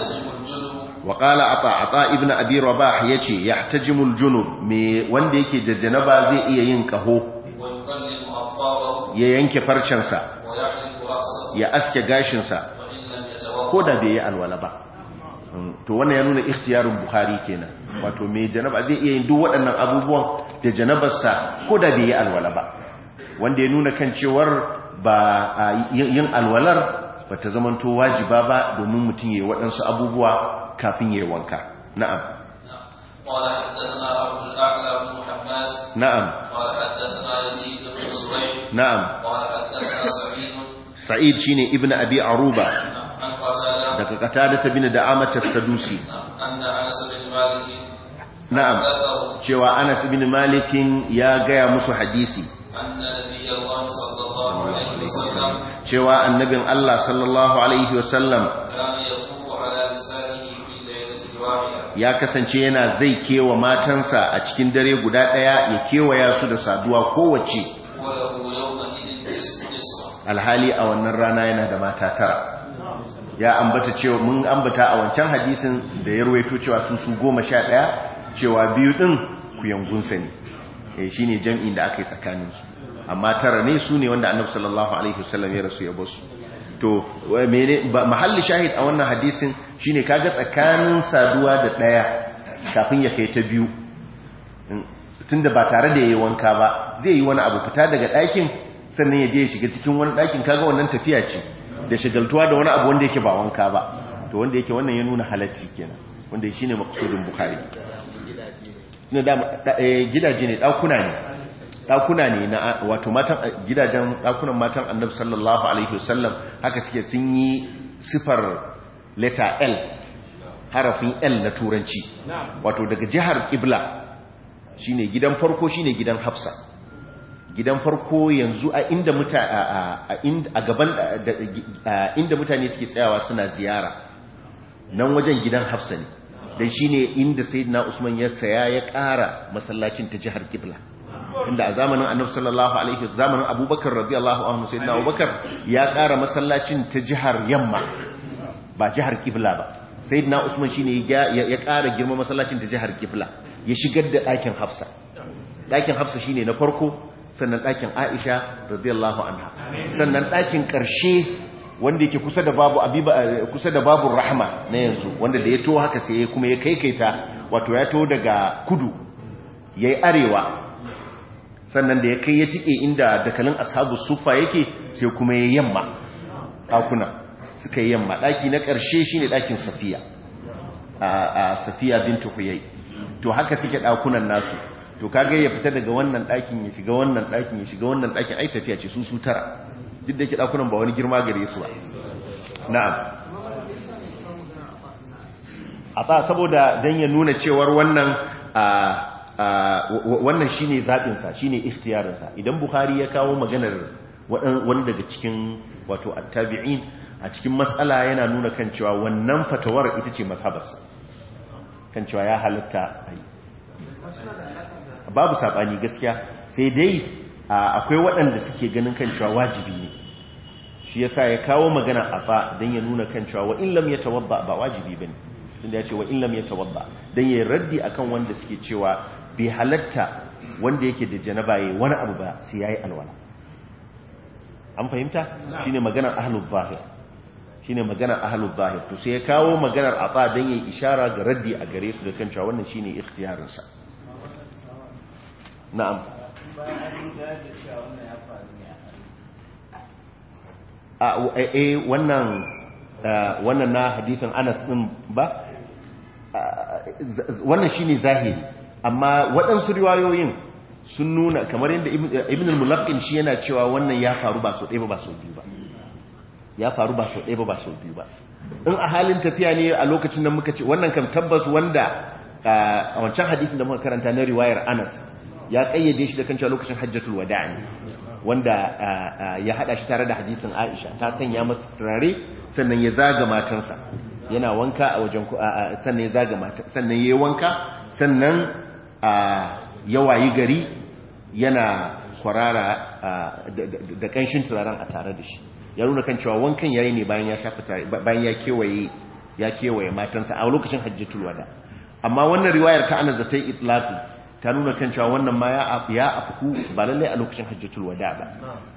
وقال عطاء عطاء ابن ابي رباح يجي يحتجم yahtajimul junub me wanda yake da janaba zai iya yin kaho ya yanke farcen sa ya aske gashin sa ko da bai yi alwala ba hmm. to wannan ya nuna ikhtiyarin bukhari kenan wato me janaba zai iya yin duk waɗannan abubuwan da janabarsa ko da bai yi alwala ba wanda ya nuna kan cewar ba yin alwalar ba ta zamanto wajiba ba domin mutum ya yi waɗansu abubuwa kafin yayi wanka na'am qala hadathana abu al-a'la muhammad na'am qala hadathana yazid na'am qala hadathana sa'id sa'id shine ibn abi aruba daga qatada bin da'amat as anna anas bin malik na'am cewa anas bin malik ya gaya musu hadisi cewa annabin Allah sallallahu alaihi wasallam ya kasance yana zai kewa matansa a cikin dare guda ɗaya ya kewaya su da saduwa kowace alhali a wannan rana yana da mata tara ya ambata cewa mun ambata a wancan hadisin da ya ruwaito cewa sun su goma sha ɗaya cewa biyu ɗin ku yangunsa ne eh, shi ne jam'in da aka yi tsakaninsu amma tara ne su ne wanda annabi sallallahu alaihi wasallam ya rasu ya basu to mahalli shahid a wannan hadisin Shi ne kaga tsakanin saduwa da ɗaya kafin ya kai ta biyu tunda ba tare da ya yi wanka ba zai yi wani abu fita daga ɗakin sannan ya je ya shiga cikin wani ɗakin kaga wannan tafiya ce da shigaltuwa da wani abu wanda yake ba wanka ba to wanda yake wannan ya nuna halacci kenan wanda shine ne bukhari bukari eh, gidaje ne ɗakuna ne ɗakuna ne na wato matan gidajen ɗakunan matan annabi sallallahu alaihi wasallam haka suke sun yi sifar leta L harafin L na turanci wato daga jihar Qibla shine gidan farko shine gidan Hafsa gidan farko yanzu a inda mutane a gaban inda mutane suke tsayawa suna ziyara nan wajen gidan Hafsa ne dan shine inda sayyidina Usman ya saya ya ƙara masallacin ta jihar Kibla. inda a zamanin Annabi sallallahu alaihi wasallam zamanin Abubakar radiyallahu anhu sayyidina Abubakar ya ƙara masallacin ta jihar yamma ba jihar kibla ba na usman shine ya ƙara girma masallacin da jihar kibla ya shigar da ɗakin hafsa ɗakin hafsa shine na farko sannan ɗakin aisha radiyallahu anha sannan ɗakin ƙarshe wanda yake kusa da babu abiba kusa da babu rahma na yanzu wanda da ya to haka sai kuma ya kai kaikaita wato ya to daga kudu yayi arewa sannan da ya kai ya tike inda dakalin ashabu sufa yake sai kuma ya yamma ɗakuna. suka yi yamma ɗaki na ƙarshe shine ɗakin safiya a safiya bintu huyai to haka suke ɗakunan nasu to kaga ya fita daga wannan ɗakin ya shiga wannan ɗakin ya shiga wannan ɗakin ai tafiya ce su su tara duk da yake ɗakunan ba wani girma gare su ba na'am a ta saboda dan ya nuna cewar wannan wannan shine zaɓinsa shine sa idan bukhari ya kawo maganar wani daga cikin wato attabi'in a cikin matsala yana nuna kan cewa wannan fatawar ita ce mazhabarsa kan cewa ya halatta a yi babu saɓani gaskiya sai dai akwai waɗanda suke ganin kan cewa wajibi ne shi yasa ya kawo magana a ba don ya nuna kan cewa wa'in lam ya tawabba ba wajibi ba ne da ya ce wa'in lam ya tawabba don ya raddi kan wanda suke cewa bai halatta wanda yake da janaba ya wani abu ba sai ya yi alwala an fahimta shine maganar ahlul shine maganar ahlul zahir to sai ya kawo maganar ata dan yayi ishara ga raddi a gare su da kan cewa wannan shine ikhtiyarin sa na'am a wannan wannan na hadisin Anas din ba wannan shine zahiri amma waɗansu riwayoyin sun nuna kamar yadda ibn al-mulaqqin shi yana cewa wannan ya faru ba so ɗaya ba so biyu ba ya faru ba sau ɗaya ba ba sau biyu ba in a halin tafiya ne a lokacin da muka ce wannan kam tabbas wanda a wancan hadisin da muka karanta na riwayar anas ya kayyade shi da kan cewa lokacin hajjatul wada ne wanda ya hada shi tare da hadisin aisha ta sanya masa turare sannan ya zaga matansa yana wanka a wajen sannan ya zaga mata sannan yayi wanka sannan ya wayi gari yana kwarara da kanshin turaren a tare da shi ya nuna kan cewa wankan yayi ne bayan ya shafa bayan ya kewaye ya kewaye matansa a lokacin hajjatul wada amma wannan riwayar ta ana zata ta itlaqi ta nuna kan cewa wannan ma ya ya afku ba lalle a lokacin hajjatul wada ba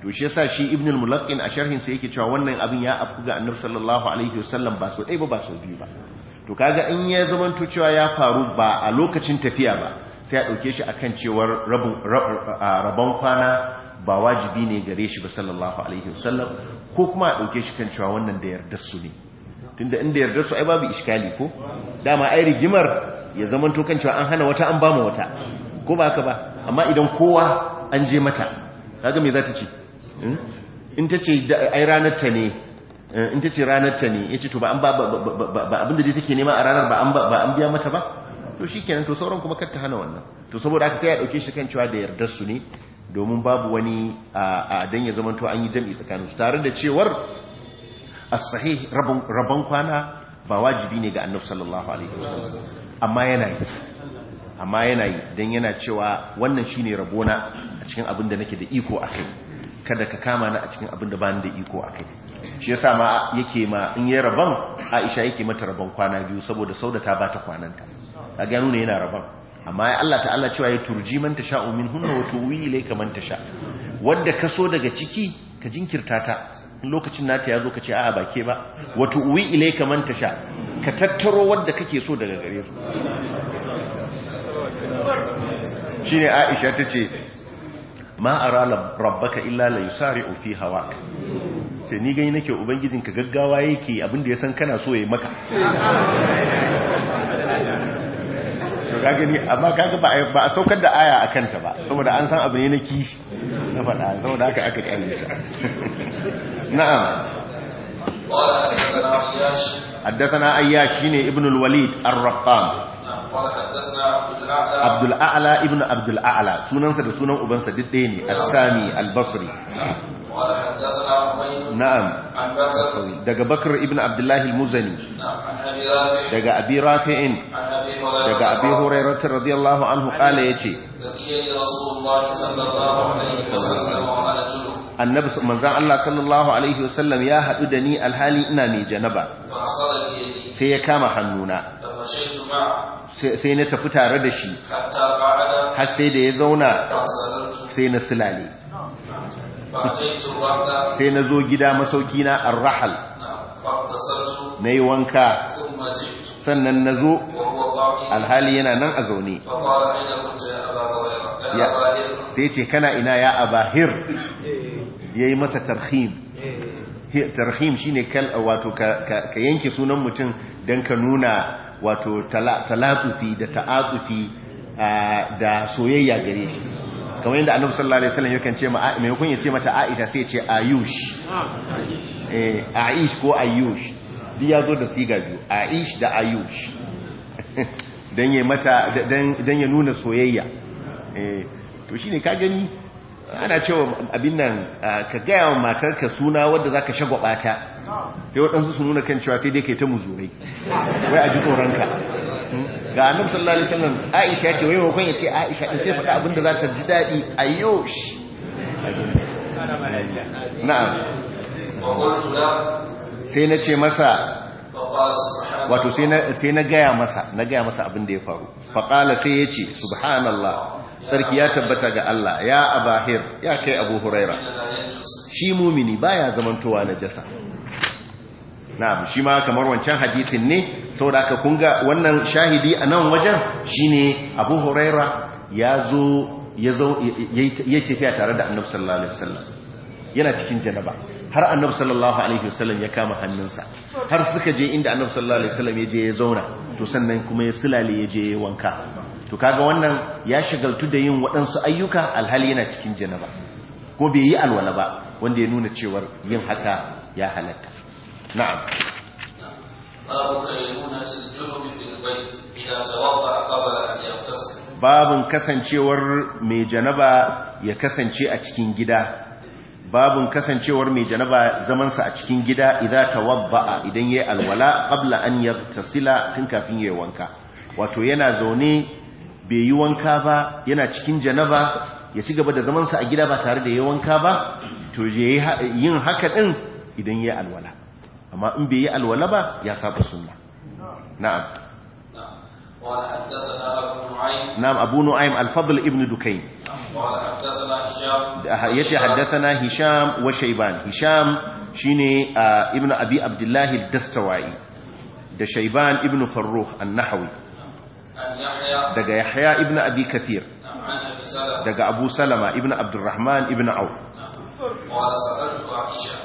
to shi yasa shi ibn al a sharhin sa yake cewa wannan abin ya afku ga annabi sallallahu alaihi wasallam ba so dai ba ba so biyu ba to kaga in ya to cewa ya faru ba a lokacin tafiya ba sai a dauke shi akan cewar rabon kwana ba wajibi ne gare shi ba sallallahu alaihi wasallam ko kuma a ɗauke shi kan cewa wannan da yardar su ne tunda inda yardar su ai babu iskali ko dama ai rigimar ya to kan cewa an hana wata an bamu wata ko ba haka ba amma idan kowa an je mata kaga me za ta ce hmm? in ta ce ai ranar ta ne hmm? in ta ce ranar ta ne yace to ba an ba da dai take nema a ranar ba an ba an biya mata ba to shikenan to sauran kuma kar ta hana wannan to saboda haka sai a dauke shi kan cewa da yardar su ne domin babu wani a dan ya zamanto an yi jami'i tsakanin su tare da cewar a sahih rabon kwana ba wajibi ne ga annabu sallallahu alaihi amma yana yi amma yana yi dan yana cewa wannan shi ne rabona a cikin abin da nake da iko akai kada ka kama na a cikin abin da bani da iko kai shi yasa ma yake ma in yi rabon Aisha yake mata rabon kwana biyu saboda saudata ba ta kwananta kaga nuna yana rabon amma ya Allah ta'ala cewa ya turji man tasha'u minhunna wa tuwi ilayka man tasha wanda kaso daga ciki ka jinkirta ta lokacin nata yazo ka ce a'a ba ke ba wa tuwi ilayka man tasha ka tattaro wanda kake so daga gare su shine Aisha tace ma ara rabbaka illa la yusari'u fi hawak sai ni gani nake ubangijinka gaggawa yake abinda ya san kana so ya maka to ga gani amma kaga ba a saukar da aya a kanta ba saboda an san abu ne na kishi na fada saboda haka aka kalle ta na'am حدثنا اياش حدثنا اياش ابن الوليد الرقام Ibn الاعلى sunansa da sunan ubansa سنن ne, سديدني الثاني na'am daga bakar ibn abdullahi al-muzani daga abi rafi'in daga abi hurairah radiyallahu anhu qala yace annabi manzon Allah sallallahu alaihi wasallam ya hadu da ni alhali ina mai janaba sai ya kama hannuna sai na tafi tare da shi har sai da ya zauna sai na silale sai na zo gida masauki na arrahal na yi wanka sannan na zo alhali yana nan a zaune sai ce kana ina ya abahir eh. ya yi masa tarhim eh. tarhim shi ne wato ka yanke sunan mutum don ka nuna wato talatufi da ta'atsufi ah, da soyayya gare shi kamar yadda annabi sallallahu alaihi wasallam yakan ce ma maimakon ya ce mata aisha sai ce ayush eh aish ko ayush bi ya zo da siga biyu aish da ayush dan ya mata dan ya nuna soyayya eh to shine ka gani ana cewa abin nan ka gaya wa matarka suna wadda zaka ka shagwaba ta sai wadansu su nuna kan cewa sai dai kai ta muzurai wai a ji tsoronka ga annabi sallallahu alaihi wasallam Aisha ce wai hukun yace Aisha in sai faɗa abinda za ta ji dadi shi na'am sai na ce masa wato sai na gaya masa na gaya masa abin ya faru faƙala sai yace subhanallah sarki ya tabbata ga Allah ya abahir ya kai abu huraira shi mumini baya zamantowa na jasa na'am shi ma kamar wancan hadisin ne saboda aka kunga wannan shahidi a nan wajen shi ne Abu Huraira ya zo ya tafiya tare da Annabi sallallahu alaihi wasallam yana cikin janaba har Annabi sallallahu alaihi wasallam ya kama hannunsa har suka je inda Annabi sallallahu alaihi wasallam ya je ya zauna to sannan kuma ya sulale ya je ya wanka to kaga wannan ya shigaltu da yin waɗansu ayyuka alhali yana cikin janaba ko bai yi alwala ba wanda ya nuna cewar yin haka ya halatta نعم باب babin kasancewar mai janaba ya kasance a cikin gida babin kasancewar mai janaba zamansa a cikin gida idan tawadda'a idan yayi alwala qabla an yaghtasila tun kafin yayi wanka wato yana zaune bai yi wanka ba yana cikin janaba ya ci gaba da zamansa a gida ba tare da yayi wanka ba to yin haka din idan yayi alwala amma in bai yi alwala ba ya saba sunna na'am na'am abu nu'aym al-fadl ibn dukayn yace haddathana hisham wa shayban hisham shine ibn abi abdullah ad-dastawai da shayban ibn farrukh an-nahawi daga yahya ibn abi kathir daga abu salama ibn abdurrahman ibn auf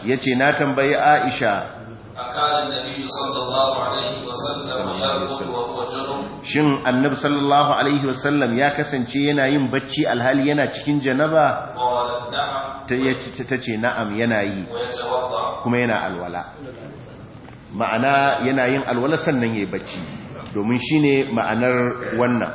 ya ce na tambayi aisha أكان النبي صلى الله عليه وسلم يرقد وهو جنب شن النبي صلى الله عليه وسلم يا كسن ينا yin bacci alhali yana cikin janaba ta ce na'am yana yi kuma yana alwala ma'ana yana yin alwala sannan ya yi bacci domin shi ne ma'anar wannan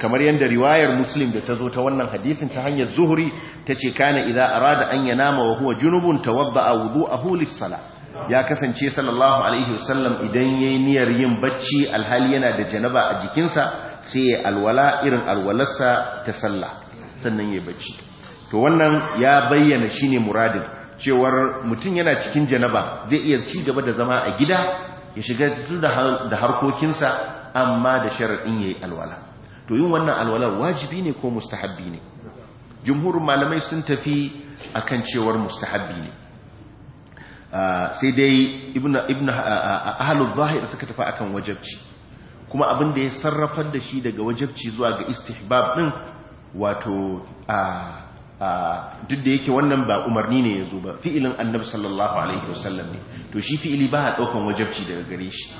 kamar yadda riwayar muslim da ta zo ta wannan hadisin ta hanyar zuhuri ta ce kana idza arada an yanama wa huwa junubun tawadda a lis-salah ya kasance sallallahu alaihi wasallam idan yayi niyyar yin bacci alhali yana da janaba a jikinsa sai ya alwala irin alwalarsa ta sallah sannan yayi bacci to wannan ya bayyana shine muradin cewar mutum yana cikin janaba zai iya ci gaba da zama a gida ya shiga da harkokinsa amma da sharadin yayi alwala to yin wannan alwala wajibi ne ko mustahabbi ne jumhurin malamai sun tafi akan cewar mustahabbi ne Ah, sai dai ibn ah, ah, ahlul zahir suka tafi akan wajabci kuma abin da ya sarrafar da shi daga wajabci zuwa ga istihbab din wato duk da yake wannan ba umarni ne yazo ba fi'ilin annabi sallallahu alaihi wasallam ne to shi fi'ili ba a daukan wajabci daga gare shi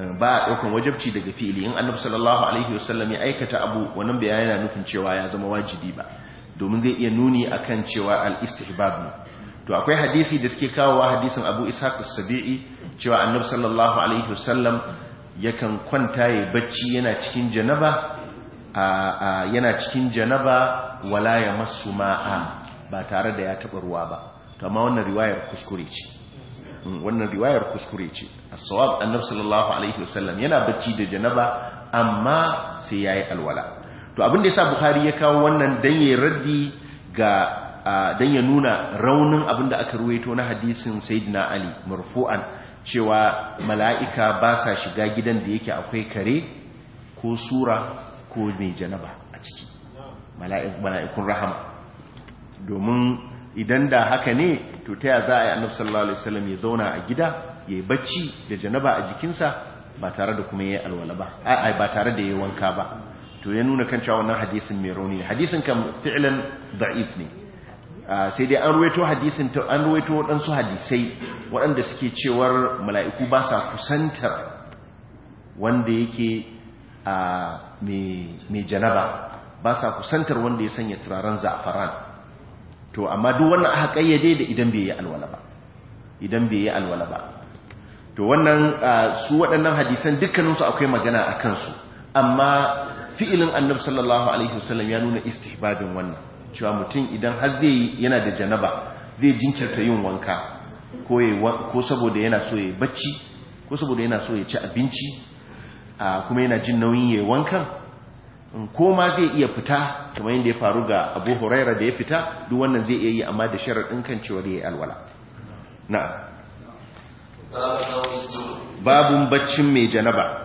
eh, ba a daukan wajabci daga fi'ili in annabi sallallahu alaihi wasallam ya aikata abu wannan bayani yana nufin cewa ya zama wajibi ba domin zai iya nuni akan cewa al-istihbab ne to akwai hadisi da suke kawo wa hadisin abu ishaq as-sabi'i cewa annabi sallallahu alaihi wasallam yakan kwanta ya bacci yana cikin janaba yana cikin janaba wala ya masu ma'a ba tare da ya taba ruwa ba to amma wannan riwayar kuskure ce mm, wannan riwayar kuskure ce as-sawab annabi sallallahu alaihi wasallam yana bacci da janaba amma sai yayi alwala to abin da yasa bukhari ya kawo wannan dan yayin raddi ga don ya nuna raunin abin da aka ruwaito na hadisin sayyidina ali marfu'an cewa mala'ika ba sa shiga gidan da yake akwai kare ko sura ko mai janaba a ciki mala'ikun rahama domin idan da haka ne to ta za a yi annabi sallallahu alaihi wasallam ya zauna a gida ya yi bacci da janaba a jikinsa ba tare da kuma ya alwala ba ai ba tare da ya wanka ba to ya nuna kan cewa wannan hadisin mai rauni hadisin kan fi'lan da'if ne Ah, sai dai an ruwaito hadisin an ruwaito waɗansu hadisai waɗanda suke cewar mala'iku ba sa kusantar wanda yake ah, mai janaba ba sa kusantar wanda ya sanya turaren za'afaran to amma duk wannan aka kayyade da idan bai yi alwala ba idan bai yi alwala ba to wannan ah, su waɗannan hadisan dukkaninsu akwai magana a kansu amma fi'ilin annabi sallallahu alaihi wasallam ya nuna istihbabin wannan cewa mutum idan har zai yi yana da janaba zai jinkirta yin wanka ko saboda yana so ya bacci ko saboda yana so ya ci abinci kuma yana jin nauyin ya wankan ko ma zai iya fita kamar da ya faru ga abu huraira da ya fita duk wannan zai iya yi amma da shirar kan cewa da ya yi alwala na babun baccin mai janaba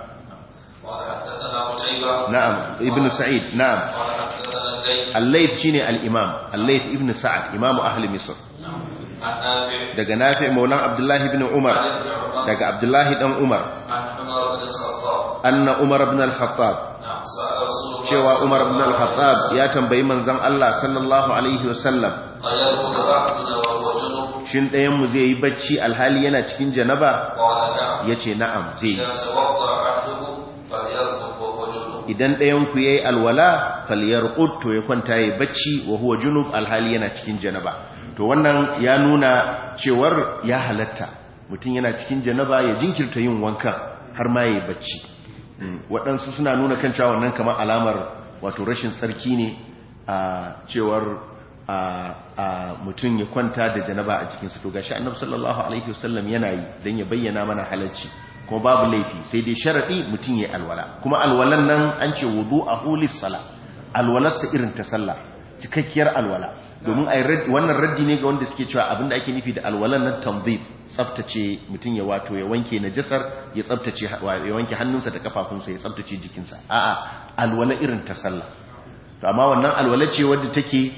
na'am ibn sa'id na'am al-layth shine al-imam al-layth ibn sa'ad imam ahli misr daga nafi maulan abdullahi ibn umar daga abdullahi dan umar anna umar ibn al-khattab cewa umar ibn al-khattab ya tambayi manzon Allah sallallahu alaihi wasallam shin mu zai yi bacci alhali yana cikin janaba ya ce na'am zai idan ɗayan ku yayi alwala falyar to ya kwanta yayi bacci wa huwa junub alhali yana cikin janaba to wannan ya nuna cewar ya halatta mutum yana cikin janaba ya jinkirta yin wanka har ma ya yi bacci hmm, waɗansu suna nuna kan cewa wannan kamar alamar wato rashin tsarki ne a cewar mutum ya kwanta da janaba a jikinsu to gashi annabi sallallahu alaihi wasallam yana yi don ya bayyana mana halarci ko babu laifi sai dai sharaɗi mutum ya alwala kuma alwalan nan an ce wudu a hulis sala alwalarsa irin ta sallah cikakkiyar alwala domin wannan raddi ne ga wanda suke cewa abinda ake nufi da alwalan nan tanzif tsaftace mutum ya wato ya wanke najasar ya tsaftace ya wanke hannunsa da kafafunsa ya tsaftace jikinsa a'a alwala irin ta sallah to amma wannan alwala ce wadda take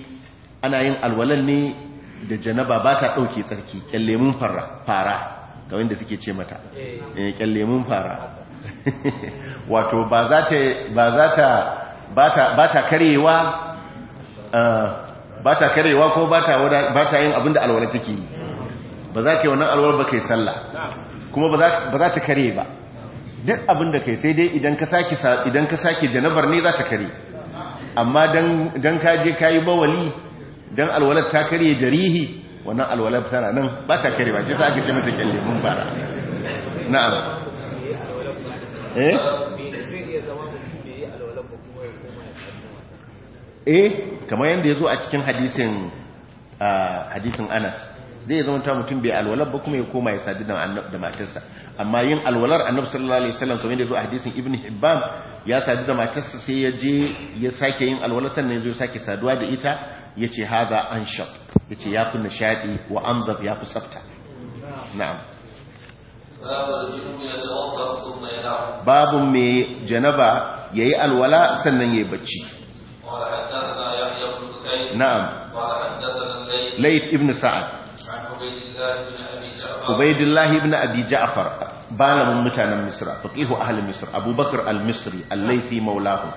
ana yin alwalan ne da janaba ba ta ɗauke tsarki kyalle mun fara fara kamar da suke ce mata eh. Eh, kyalle mun fara wato ba za ta ba za ta ba ta karewa ba ta karewa eh, ko ba ta yin abinda alwala take yi ba za ka yi wannan alwala ba kai sallah kuma ba za ta kare ba duk abinda kai sai dai idan ka saki idan ka saki janabar ne za ta kare amma dan dan ka je kayi bawali dan alwalar ta kare jarihi wannan alwala tana nan ba ta kare ba ce sa ake ce kyalle mun fara na'am eh eh kamar yadda ya zo a cikin hadisin hadisin anas zai zama ta mutum bai alwalar ba kuma ya koma ya sadu da matarsa amma yin alwalar annabi sallallahu alaihi wasallam kamar yadda ya zo a hadisin ibn hibban ya sadu da matarsa sai ya je ya sake yin alwalar sannan ya zo ya sake saduwa da ita yace hadha anshab yace ya fi nishadi wa amzab ya fi tsafta na'am babu mai janaba yi alwala sannan ya yi bacci na'am layth ibn sa'ad ubaydillah ibn abi Afar. balamin mutanen misra Fakihu ahli misr abubakar al-misri al-laythi maulahu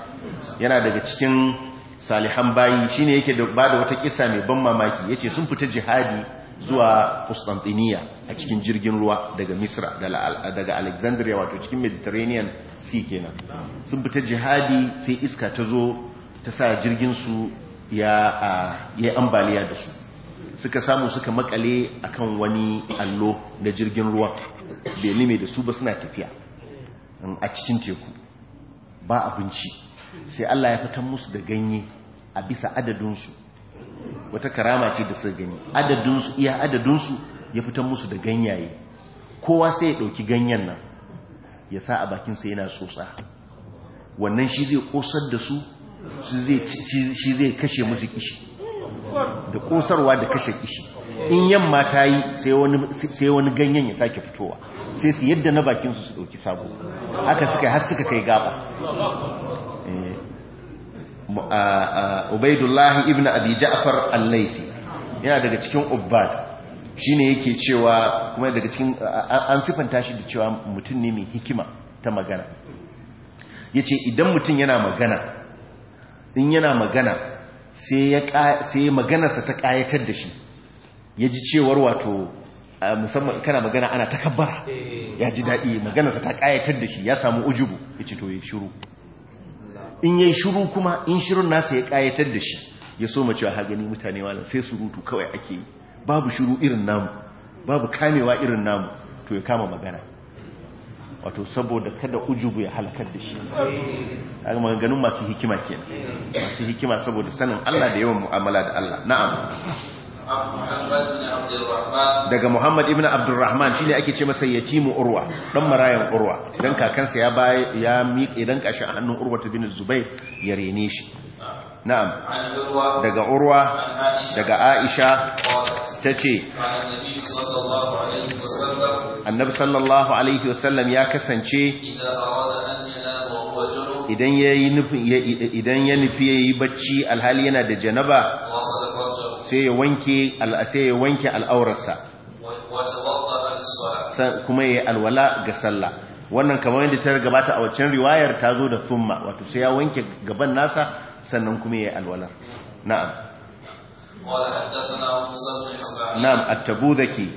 yana daga cikin salihan bayi shi ne yake da bada wata kisa mai ban mamaki yace sun fita jihadi zuwa kustantiniya a cikin jirgin ruwa daga Misra daga Alexandria wato cikin Mediterranean Sea kenan sun fita jihadi sai iska ta zo ta sa jirgin su ya yi ambaliya da su suka samu suka makale akan wani allo na jirgin ruwa bai lime da su ba suna tafiya a cikin teku ba abinci sai Allah ya fitan musu da ganye a bisa adadinsu wata karama ce da sai gani adadinsu iya adadinsu ya fitan musu da ganyaye kowa sai ya ɗauki ganyen nan ya sa a bakinsa yana tsotsa wannan shi zai ƙosar da su shi zai kashe musu kishi da ƙosarwa da kashe kishi in yamma ta yi sai wani ganyen ya sake fitowa sai su yadda na bakinsu su ɗauki sabo haka suka har suka kai gaba ubaidullahi ibn abi ja'far al-laifi yana daga cikin ubbad shine yake cewa kuma daga cikin an sifanta shi da cewa mutum ne mai hikima ta magana yace idan mutum yana magana in yana magana sai ya sai maganarsa ta kayatar da shi yaji cewar wato musamman kana magana ana takabbara eh. ya ji daɗi maganarsa ta kayatar da shi ya samu ujubu yace to ya shiru in yi shiru kuma in shirun nasu ya kayatar da shi ya so mace ha gani mutane malam sai surutu kawai ake yi babu shiru irin namu babu kamewa irin namu to ya kama magana wato saboda kada ujubu ya halakar da shi a maganganun masu hikima kenan masu hikima saboda sanin Allah da yawan mu'amala da Allah na'am daga Muhammad ibn Abdurrahman ne ake ce masa yatimu Urwa dan marayan Urwa dan kakansa ya bai ya miƙe dan kashi a hannun Urwa bin Zubair ya rene shi na'am daga Urwa daga Aisha tace Annabi sallallahu alaihi wasallam ya kasance idan ya yi nufi idan ya nufi yi bacci alhali yana da janaba sai ya wanke sai ya wanke al'aurarsa kuma ya alwala ga sallah wannan kamar yadda ta gabata a waccan riwayar ta zo da thumma wato sai ya wanke gaban nasa sannan kuma ya alwala na'am na'am at-tabudaki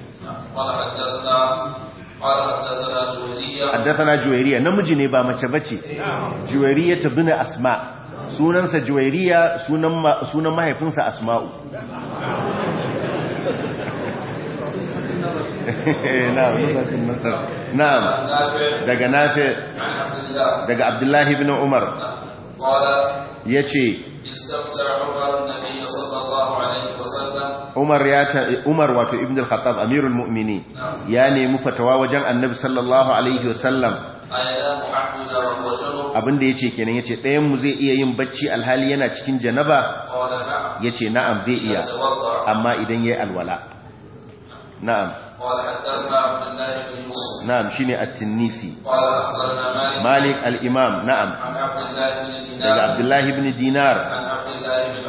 qala haddathana حدثنا جويرية نمجي نبا مچبچي جويرية بن أسماء سونا سجويرية سونا ما يفنس أسماء نعم نعم نعم نعم دقى نافع دقى عبد الله بن عمر يتشي Umar ya ta eh, Umar wato Ibn al-Khattab Amirul Mu'mini ya nemi fatawa wajen Annabi sallallahu alaihi wasallam abinda yace kenan yace ɗayan mu zai iya yin bacci alhali yana cikin janaba yace na'am zai iya amma idan yayi alwala na'am قال حدثنا عبد الله بن يوسف نعم شيني التنيسي قال أخبرنا مالك مالك الإمام نعم عن عبد الله بن دينار عبد الله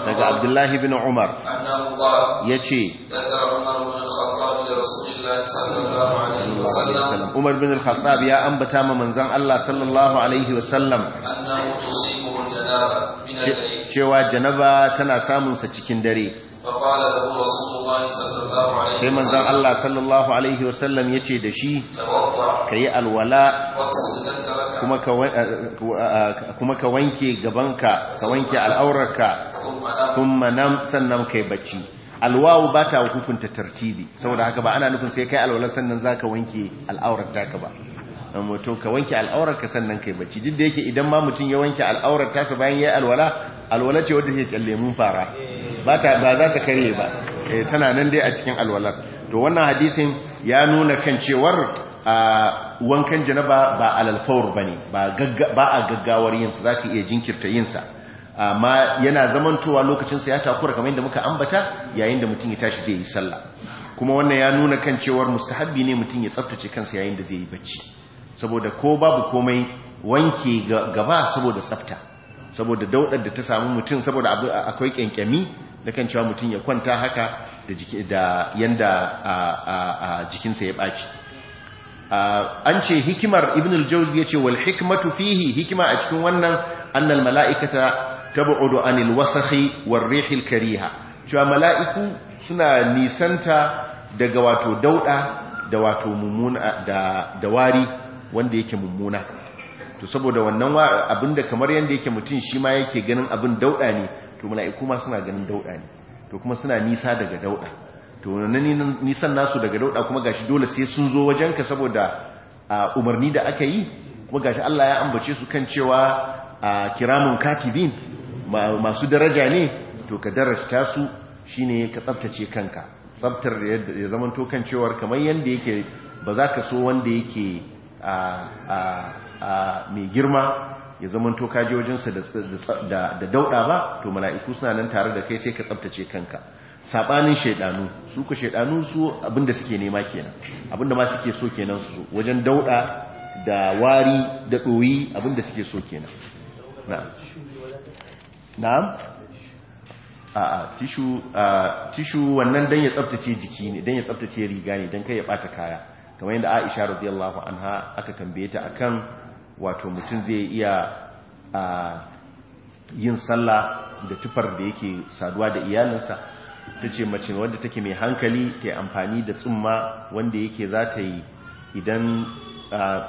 daga abdullahi bin umar ya ce umar bin al-khattab ya ambata ma manzan Allah sallallahu alaihi wasallam cewa janaba tana samunsa cikin dare sai manzan Allah sallallahu Alaihi wasallam ya ce da shi ka yi alwala eh, kuma ka wanke gabanka ka wanke al'aurarka sun manam sannan kai bacci alwawu ba ta hukunta tartibi saboda haka ba ana nufin sai kai alwala sannan za ka wanke al'aurar ka ba mutum ka wanke al'aurar ka sannan kai bacci duk da yake idan ma mutum ya wanke al'aurar tasa bayan yayi alwala alwala ce wadda kalle lemun fara ba ta ba za ta kare ba eh, tana nan dai a cikin alwalar to wannan hadisin ya nuna kan cewar wankan janaba ba alal faur bane ba ba a gaggawar yin sa zaka iya jinkirta yin sa amma yana zamantowa lokacin sa ya takura kamar yadda muka ambata yayin da mutum ya tashi zai yi sallah kuma wannan ya nuna kan cewar mustahabbi ne mutum ya tsaftace kansa yayin da zai yi bacci saboda ko babu komai wanke gaba saboda tsafta saboda daudar da ta samu mutum saboda akwai kyankyami da kan cewa mutum ya kwanta haka da yanda a jikinsa ya ɓaci an ce hikimar ibn al-jawz ya ce wal hikmatu fihi hikima a cikin wannan annal mala'ikata tab'udu anil wasakhi war rihil kariha cewa mala'iku suna nisanta daga wato dauda da wato mumuna da wari wanda yake mummuna to saboda wannan abinda kamar yanda yake mutum shi ma yake ganin abin dauda ne to mala'iku ma suna ganin dauda ne to kuma suna nisa daga dauda to wannan nisan nasu daga dauɗa kuma gashi dole sai sun zo wajenka saboda umarni da aka yi kuma gashi Allah ya ambace su kan cewa kiramun katibin masu daraja ne to ka darasta su shine ka tsaftace kanka tsaftar ya zamanto kan cewa kamar yanda yake ba za ka so wanda yake mai girma ya zama to kaji da dauɗa ba to mala'iku suna nan tare da kai sai ka tsabtace kanka saɓanin shaidanu su ku shaidanu su abinda suke nema kenan abinda ma suke so kenan su wajen dauɗa da wari da ɗoyi abinda suke so kenan na'am a tishu wannan dan ya tsabtace jiki ne don ya tsabtace riga ne don kai ya bata kaya kamar yadda Aisha radiyallahu anha aka tambaye ta akan wato mutum zai iya yin sallah da tufar da yake saduwa da iyalinsa ta ce mace wadda take mai hankali ta amfani da tsumma wanda yake za ta yi idan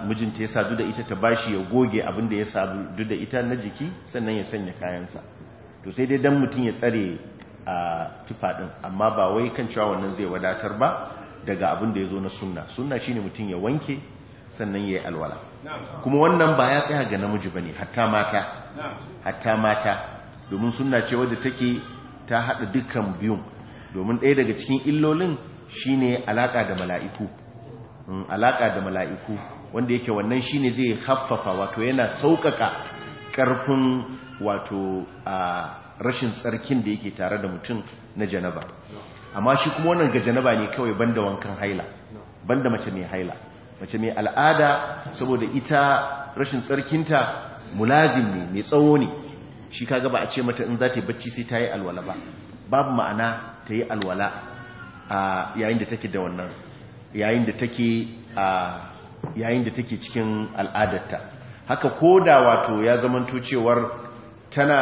mijinta ya sadu da ita ta bashi ya goge abin da ya sadu da ita na jiki sannan ya sanya kayansa to sai dai dan mutum ya tsare a tufa din amma ba wai kan cewa wannan zai wadatar ba daga abin da ya zo na sunna sunna ne mutum ya wanke sannan ya yi alwala kuma wannan ba ya tsaya ga namiji ba ne hatta mata hatta mata domin sunna ce wadda take ta haɗa dukkan biyun domin ɗaya daga cikin illolin shi ne alaƙa da mala'iku mm, alaƙa da mala'iku wanda yake wannan shi ne zai haffafa wato yana sauƙaƙa ƙarfin wato a rashin tsarkin da yake tare da mutum na janaba amma shi kuma wannan ga janaba ne kawai banda wankan haila banda mace mai haila mace mai al'ada saboda ita rashin tsarkinta mulazim ne mai tsawo ne shi kaga ba a ce mata in za ta yi bacci sai ta yi alwala ba babu ma'ana ta yi alwala a yayin da take da wannan yayin da take a yayin da take cikin al'adarta haka koda wato ya zamanto cewar tana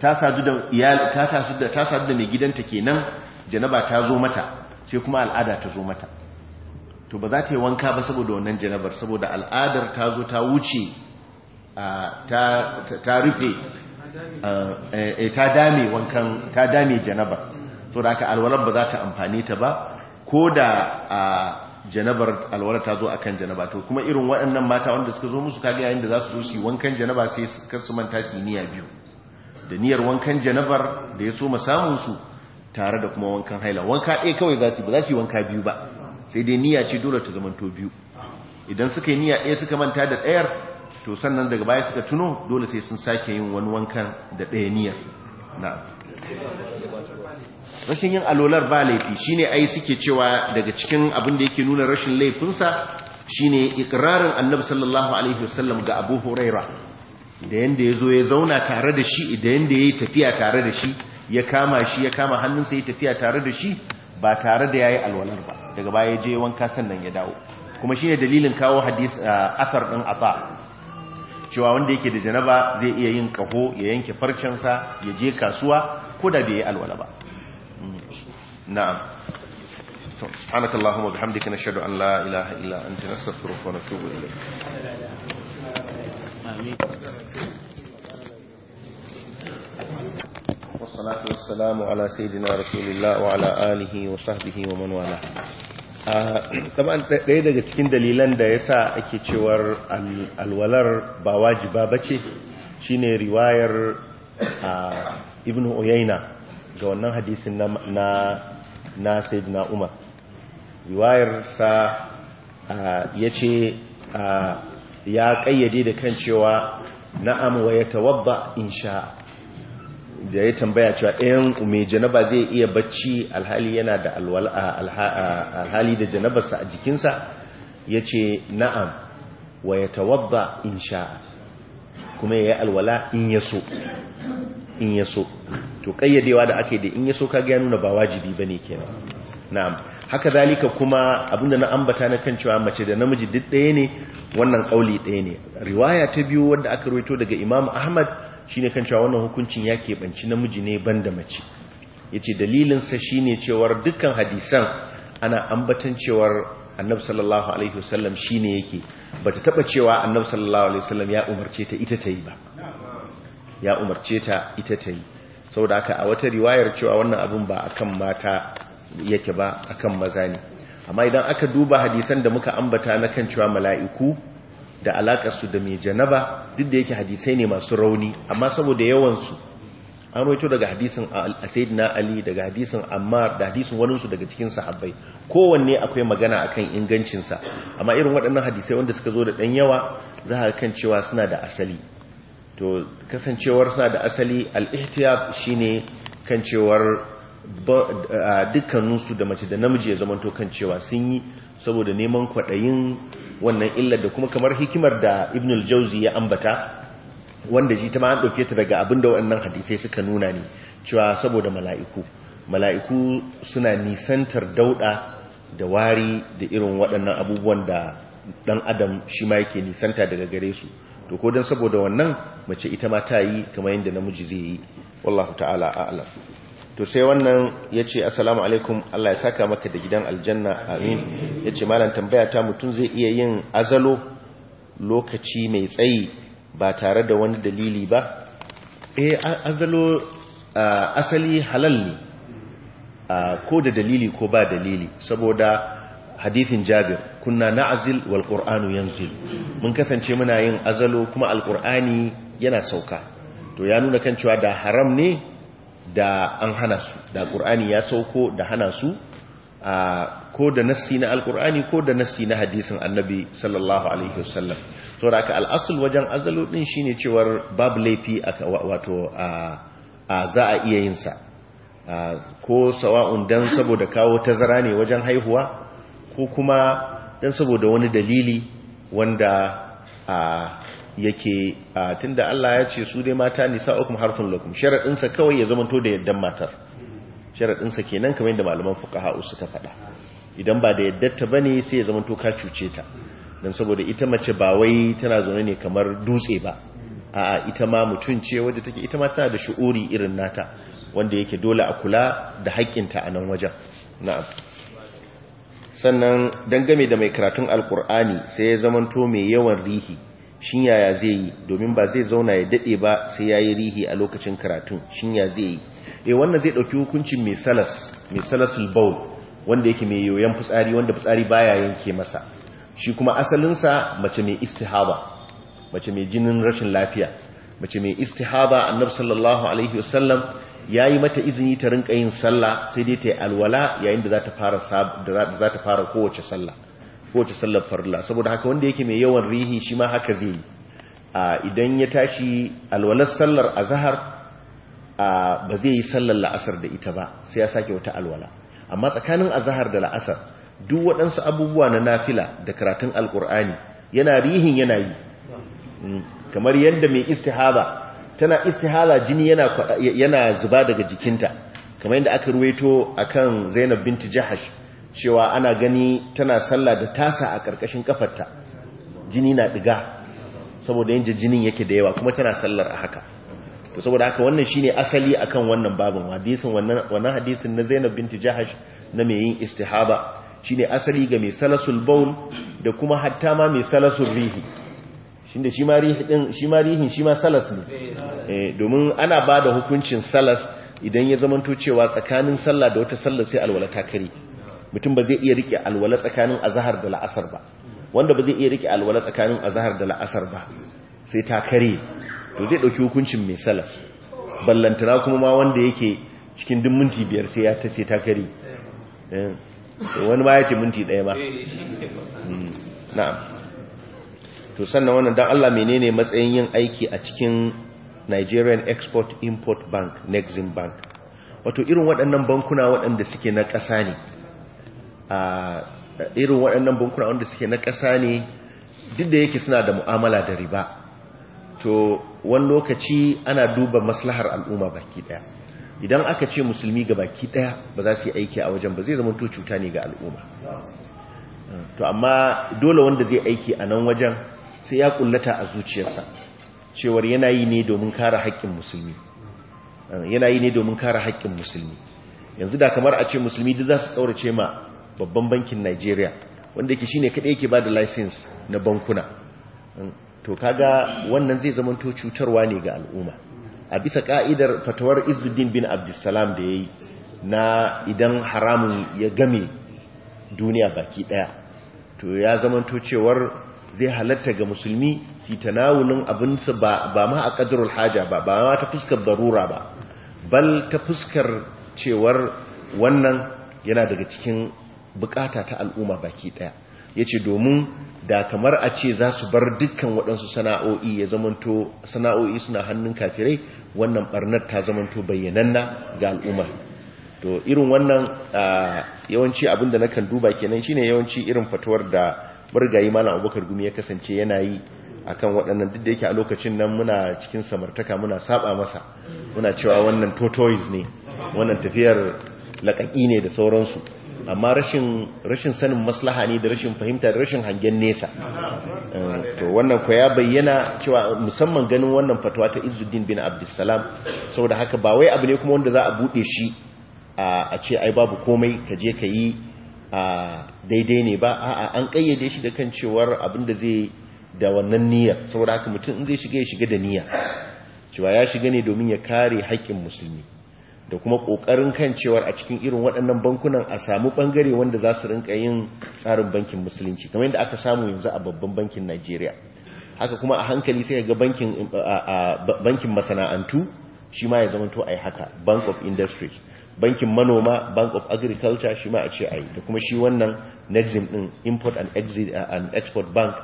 ta sadu da iyali ta sadu da ta sadu da mai gidanta kenan janaba ta zo mata sai kuma al'ada ta zo mata to ba za ta yi wanka ba saboda wannan janabar saboda al'adar ta zo ta wuce ta rufe eh, eh, ta dame wankan ta dame janabar to da aka alwalar ba za ta amfani ta ba ko da janabar alwalar ta zo akan janaba to kuma irin waɗannan mata wanda suka zo musu kaga yayin da za su zo su wankan janaba sai kar su manta su niyya biyu da niyyar wankan janabar da ya so su tare da kuma wankan haila wanka ɗaya kawai za su ba za su yi wanka biyu ba sai dai niyya ce dole ta zamanto biyu idan suka yi niyya ɗaya suka manta da ɗayar to sannan daga baya suka tuno dole sai sun sake yin wani wankan da ɗaya niyyar na rashin yin alolar ba laifi shine ai suke cewa daga cikin abin da yake nuna rashin laifinsa shine ikirarin annabi sallallahu alaihi wasallam ga abu huraira da yanda ya zo ya zauna tare da shi da yanda ya yi tafiya tare da shi ya kama shi ya kama hannunsa ya tafiya tare da shi ba tare da ya yi alwalar ba daga baya ya je wanka sannan ya dawo kuma shi ne dalilin kawo hadis asar ɗin afa cewa wanda yake da janaba zai iya yin kaho ya yanke farcensa ya je kasuwa ko da bai yi alwala ba mm. na'am illa آمين والصلاة والسلام على سيدنا رسول الله ɗaya daga cikin dalilan da ya sa ake cewar alwalar ba wajiba ba ce shine riwayar ah, ibn uyaina ga wannan hadisin na sayyidina umar riwayar sa ah, ya ce ah, ya kayyade da kan cewa na'am wa insha da ya tambaya cewa ɗayan mai janaba zai iya bacci alhali yana da alhali da janabarsa a jikinsa ya ce na'am wa yatawadda insha kuma ya yi alwala in ya so in ya so to kayyadewa da ake da in ya so ka ya nuna ba wajibi ba ne kenan na'am haka zalika kuma abinda na ambata na kan cewa mace da namiji duk ɗaya ne wannan ƙauli ɗaya ne riwaya ta biyu wanda aka rawaito daga imam ahmad shine kan cewa wannan hukuncin ya keɓanci namiji ne banda mace yace dalilin sa shine cewar dukkan hadisan ana ambatan cewar annabi sallallahu alaihi wasallam shine yake bata taba cewa annabi sallallahu alaihi wasallam ya umarce ta ita ta yi ba ya umarce ta ita ta yi saboda aka a wata riwayar cewa wannan abin ba a kan mata yake ba a kan maza ne amma idan aka duba hadisan da muka ambata na kan cewa mala'iku da alaƙarsu da mai janaba duk da yake hadisai ne masu rauni amma saboda yawansu. an roito daga hadisin sayyidina ali daga hadisun ammar da hadisun waninsu daga cikin sahabbai kowanne akwai magana akan ingancinsa amma irin waɗannan hadisai wanda suka zo da ɗan yawa za a kan cewa suna da asali to kasancewar sa da asali al-ihtiyab shine kan cewar dukkaninsu da mace da namiji ya zamanto kan cewa sun yi saboda neman kwaɗayin wannan illar da kuma kamar hikimar da ibn al-jauzi ya ambata wanda ji ta ma an ɗauke ta daga abin da waɗannan hadisai suka nuna ne cewa saboda mala'iku mala'iku suna nisantar dauɗa da wari da irin waɗannan abubuwan da ɗan adam shi ma yake nisanta daga gare su to ko dan saboda wannan mace ita ma ta yi kamar yadda namiji zai yi wallahu ta'ala a'lam to sai wannan yace ce assalamu alaikum Allah ya saka maka da gidan aljanna amin yace ce malam tambaya ta mutum zai iya yin azalo lokaci mai tsayi ba tare da wani dalili ba eh azalo asali halal ne ko da dalili ko ba dalili saboda hadithin jabir kunna na'azil wal qur'anu yanzil mun kasance muna yin azalo kuma qur'ani yana sauka to ya nuna kan cewa da haram ne da an hana su da qur'ani ya sauko da hana su ko da nassi na qur'ani ko da nassi na hadisin annabi sallallahu alaihi wasallam to raka al asl wajen azalo din shine cewa babu laifi wato a za a iya yin sa ko sawa'un dan saboda kawo tazara ne wajen haihuwa ko kuma don saboda wani dalili wanda a yake tunda Allah ya ce su dai mata nisa'ukum harfin lokum sharadinsa kawai ya zamanto da yaddan matar sharadinsa kenan kamar yadda malaman fuqaha suka faɗa idan ba da yaddarta bane sai ya zamanto ka cuce ta don saboda ita mace ba wai tana zaune ne kamar dutse ba a'a ita ma mutum ce wadda take ita ma tana da shu'uri irin nata wanda yake dole a kula da haƙƙinta a nan wajen na'am sannan dangame da mai karatun alkur'ani sai ya zamanto mai yawan rihi shin yaya zai yi domin ba zai zauna ya dade ba sai ya yi rihi a lokacin karatun shin ya zai yi E, wannan zai dauki hukuncin mai salas mai salasul bawl wanda yake mai yoyon fitsari wanda fitsari baya yanke masa shi kuma asalinsa mace mai istihaba mace mai jinin rashin lafiya mace mai istihaba annabi sallallahu alaihi wasallam ya yi mata izini ta rinka yin sallah sai dai ta yi alwala yayin da za ta fara kowace sallah kowace sallar farla saboda haka wanda yake mai yawan rihi shi ma haka zai yi idan ya tashi alwalar sallar azahar ba zai yi sallar la'asar da ita ba sai ya sake wata alwala amma tsakanin azahar da la'asar duk waɗansu abubuwa na nafila da karatun alkur'ani yana rihin yana yi hmm, kamar yadda mai istihaba tana istihala jini yana yana zuba daga jikinta kamar yadda aka ruwaito akan Zainab binti Jahash cewa ana gani tana sallah da tasa a karkashin kafarta jini na diga saboda yin jinin yake da yawa kuma tana sallar a haka to saboda haka wannan shine asali akan wannan babin hadisin wannan wannan hadisin na Zainab binti Jahash na mai yin istihaba shine asali ga mai salasul baul da kuma hatta ma mai salasul rihi shi da rihin shi ma rihin shi ma salas ne eh, domin ana ba da hukuncin salas idan ya zamanto cewa tsakanin sallah da wata sallah sai alwala ta kare mutum ba zai iya rike alwala tsakanin azhar da la'asar ba wanda ba zai iya rike alwala tsakanin azhar da la'asar ba sai ta kare to zai dauki hukuncin mai salas ballantara kuma ma wanda yake cikin duk minti biyar sai ya tace ta kare eh, wani ma ce minti daya ba eh, hmm. na'am to sannan wannan dan Allah menene matsayin yin aiki a cikin Nigerian Export Import Bank Nexim Bank wato irin waɗannan bankuna waɗanda suke na ƙasa ne a irin waɗannan bankuna waɗanda suke na ƙasa ne duk da yake suna da mu'amala da riba to wani lokaci ana duba maslahar al'umma baki ɗaya idan aka ce musulmi ga baki ɗaya ba za su yi aiki a wajen ba zai zama to cuta ne ga al'umma hmm, to amma dole wanda zai aiki a nan wajen sai ya kullata a zuciyarsa cewar yanayi ne domin kare haƙƙin musulmi yana ne domin kare haƙƙin musulmi yanzu da kamar a ce musulmi duk za su tsaurace ma babban bankin Najeriya wanda yake shine kadai yake da license na bankuna to kaga wannan zai zamanto cutarwa ne ga al'umma a bisa ka'idar fatawar Izuddin bin Abdulsalam da yayi na idan haramun ya game duniya baki ɗaya to ya zamanto cewar zai halatta ga musulmi fi tanawulin abinsa ba ba ma a ƙadarul haja ba ba ma ta fuskar barura ba bal ta fuskar cewar wannan yana daga cikin bukata ta al'umma baki daya yace domin da kamar a ce za su bar dukkan waɗansu sana'o'i ya zamanto sana'o'i suna hannun kafirai wannan barnar ta zamanto bayyananna ga al'umma to irin wannan yawanci abinda nakan duba kenan shine yawanci irin fatuwar da burgayi malam abubakar gumi ya kasance yana yi kan waɗannan duk da yake a lokacin nan muna cikin samartaka muna saba masa muna cewa wannan tortoise ne wannan tafiyar laƙaƙi ne da sauransu amma rashin sanin maslaha ne da rashin fahimta da rashin hangen nesa eh, to wannan ku ya bayyana cewa musamman ganin wannan fatawa ta Izuddin bin Abdulsalam saboda haka ba wai abu ne kuma wanda za a bude shi a ce ai babu komai ka je ka yi daidai ne ba a'a an kayyade shi da kan cewar abinda zai da wannan niyya saboda haka mutum in zai shiga ya shiga da niyya cewa ya shiga ne domin ya kare haƙƙin musulmi da kuma ƙoƙarin kan cewar a cikin irin waɗannan bankunan a samu ɓangare wanda za su rinka yin tsarin bankin musulunci kamar yadda aka samu yanzu a babban bankin najeriya haka kuma a hankali sai ga bankin masana'antu shi ma ya zama to a yi haka bank of industries bankin manoma bank of agriculture shi ma a ce ai da kuma shi wannan nexim din import and, exit, eh, and export bank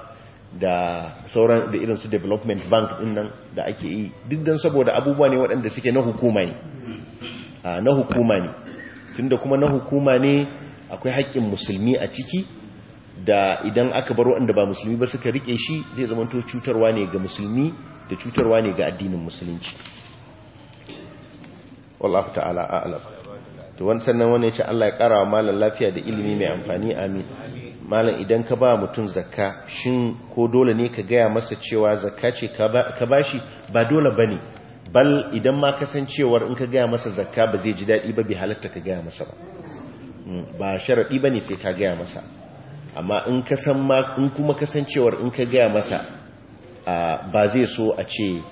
da sauran da irin su development bank din nan da ake yi duk dan saboda abubuwa ne waɗanda suke na hukuma ne ah, na hukuma ne tunda kuma na hukuma ne akwai haƙƙin musulmi a ciki da idan aka bar waɗanda ba musulmi ba suka rike shi zai zama to cutarwa ne ga musulmi da cutarwa ne ga addinin musulunci والله ta'ala أعلم to wani sannan wani ya ce Allah ya ƙara wa malam lafiya da ilimi mai amfani amin malam idan ka ba mutum zakka shin ko dole ne ka gaya masa cewa zakka ce ka ba shi ba dole ba ne bal idan ma kasancewar in ka gaya masa zakka ba zai ji daɗi ba bai halatta ka gaya masa ba hmm, ba sharaɗi ba ne sai ka gaya masa amma in ka ma in kuma kasancewar in ka gaya masa ba zai so a ce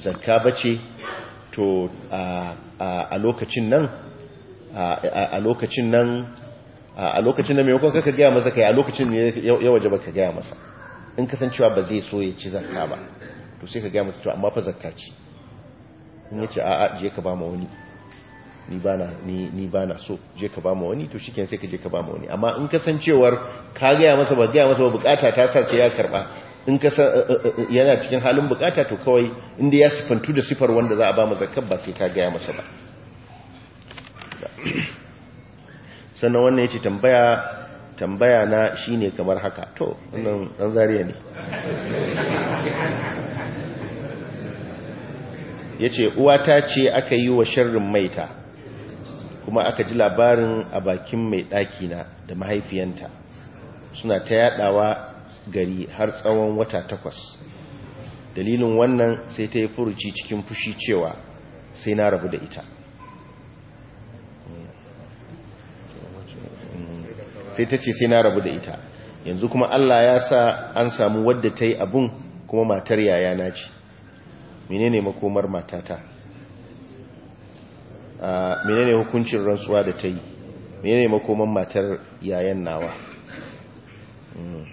zakka ba ce to a lokacin nan a lokacin nan a lokacin nan maimakon kaka gaya masa kai a lokacin ne ya waje ba ka gaya masa in kasancewa ba zai so ya ci zarka ba to sai ka gaya masa to amma fa zakka ci in yace a a je ka ba ma wani ni ba ni so je ka ba ma wani to shikenan sai ka je ka ba ma wani amma in kasancewar ka gaya masa ba gaya masa ba bukata ta sa sai ya karba in ka eh, eh, eh, yana cikin halin bukata to kawai inda ya sifantu da sifar wanda za a ba mu zakkar ba sai ka gaya masa ba haka sannan wannan ce tambaya tambaya na shine kamar haka to wannan ɗan zariya ne Ya yace uwata ce aka yi wa sharrin maita kuma aka ji labarin a bakin mai ɗaki na da mahaifiyanta suna ta yaɗawa gari har tsawon wata takwas dalilin wannan sai ta yi furuci cikin fushi cewa sai na rabu da ita sai ta ce sai na rabu da ita yanzu kuma Allah ya sa an samu wadda ta yi abun kuma matar yaya na ce menene makomar matata menene hukuncin rantsuwa da ta yi menene makomar matar yayan nawa hmm.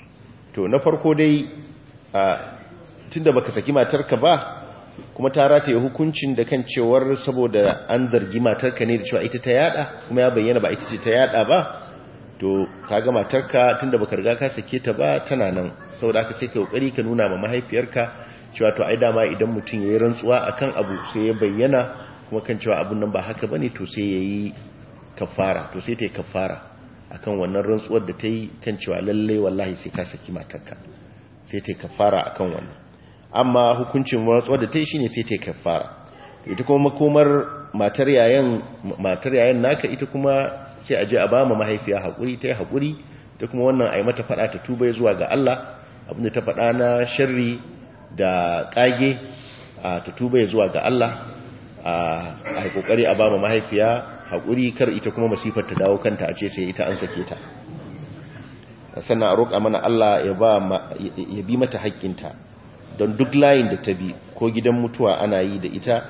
to na farko dai tunda baka saki matarka ba kuma ta rataye hukuncin da kan cewar saboda an zargi matarka ne da cewa ita ta yada kuma ya bayyana ba ita ce ta yada ba to ka ga matarka tunda baka riga ka sake ta ba tana nan saboda haka sai ka kokari ka nuna ma mahaifiyarka cewa to ai dama idan mutum yayi rantsuwa akan abu sai ya bayyana kuma kan cewa abun nan ba haka bane to sai yayi kafara to sai ta yi kafara akan wannan rantsuwar da ta yi kan cewa lalle wallahi sai ka saki matarka sai ta yi kafara akan wannan amma hukuncin rantsuwar da ta yi shine sai ta yi kafara ita kuma makomar matar yayan matar yayan naka ita kuma sai a je a bama mahaifiya haƙuri ta yi haƙuri ta kuma wannan a yi mata faɗa ta tuba zuwa ga Allah abinda ta faɗa na sharri da ƙage ta tuba zuwa ga Allah a yi a bama mahaifiya haƙuri kar ita kuma masifar ta dawo kanta a ce sai ita an sake ta sannan a roƙa mana Allah ya bi mata haƙƙinta don duk layin da ta bi ko gidan mutuwa ana yi da ita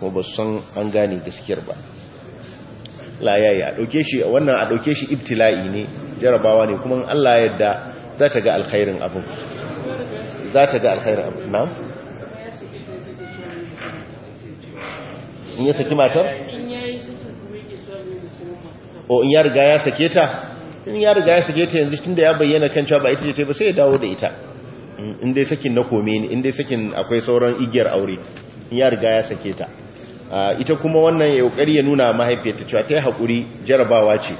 kuma ba san an gane gaskiyar ba layayi a ɗauke shi wannan a ɗauke shi ibtila'i ne jarabawa ne kuma Allah yadda za ta ga alkhairin abin za ta ga alkhairin abin na? in ya saki matar? o oh, in ya riga ya sake ta? in ya riga ya sake ta yanzu tun da ya bayyana kan cewa ba ita ce ba sai ya dawo da ita in dai sakin na kome ne in dai sakin akwai sauran igiyar aure in ya riga ya sake ta ita kuma wannan ya kokari ya nuna mahaifiyarta cewa ta yi haƙuri jarabawa ce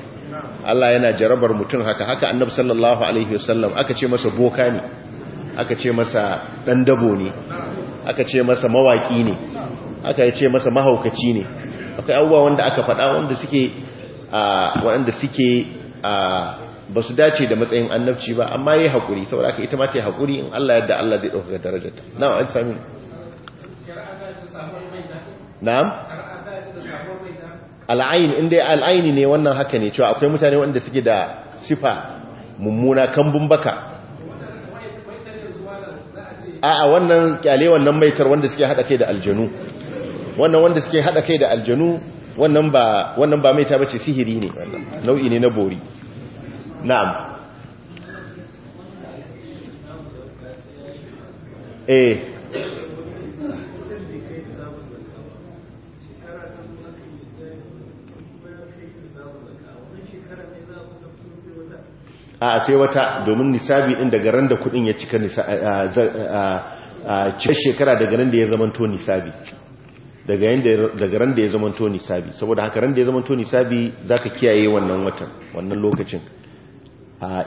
Allah yana jarabar mutum haka haka annabi sallallahu alaihi wasallam aka ce masa boka ne aka ce masa ɗandabo dabo ne aka ce masa mawaƙi ne aka ce masa mahaukaci ne akwai abubuwa wanda aka faɗa wanda suke wanda suke ba su dace da matsayin annabci ba amma ya yi haƙuri saboda aka ita ma ta yi haƙuri in Allah yadda Allah zai ɗaukaka darajarta na wa'ad sami na'am al'ain inda al'aini ne wannan haka ne cewa akwai mutane wanda suke da sifa mummuna kambun baka a'a wannan kyale wannan maitar wanda suke hada kai da aljanu wannan wanda suke hada kai da aljanu wannan ba wannan ba maita bace sihiri ne nau'i ne na bori na'am eh a sai wata domin nisabi din daga ran da kudin ya cika cika shekara daga ran da ya zamanto nisabi daga yanda daga ran da ya zamanto nisabi saboda haka ran da ya zamanto nisabi zaka kiyaye wannan watan wannan lokacin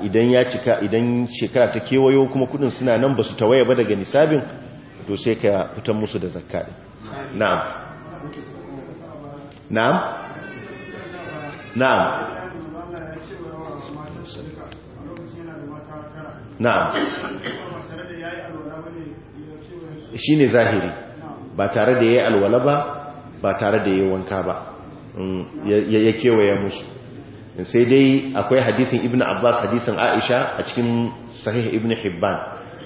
idan ya cika idan shekara ta kewayo kuma kudin suna nan basu tawaye ba daga nisabin to sai ka fitan musu da zakka na'am na'am na'am na'am shi ne zahiri ba tare da ya yi alwala ba ba tare da ya yi wanka ba mm, ya kewaye musu sai dai akwai hadisin ibn abbas hadisin aisha a cikin sahih ibn hibban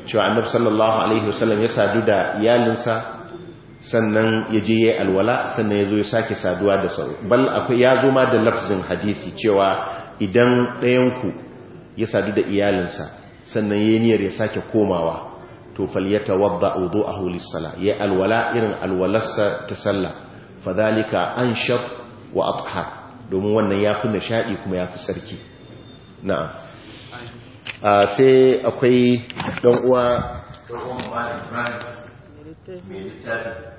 cewa annab sallallahu alaihi wasallam ya sadu da iyalinsa sannan ya je ya yi alwala sannan ya zo ya sake saduwa da sauri bal akwai ya zo ma da lafzin hadisi cewa idan ɗayanku ya sadu da iyalinsa sannan yaniyar niyar ya sake komawa to falyatawadda a lis-sala ya alwala irin alwalarsa ta sallah an shaf wa athhar domin wannan ya fi nishadi kuma ya fi sarki na'am ah, sai akwai don uwa don uwa Malik turai mai littafi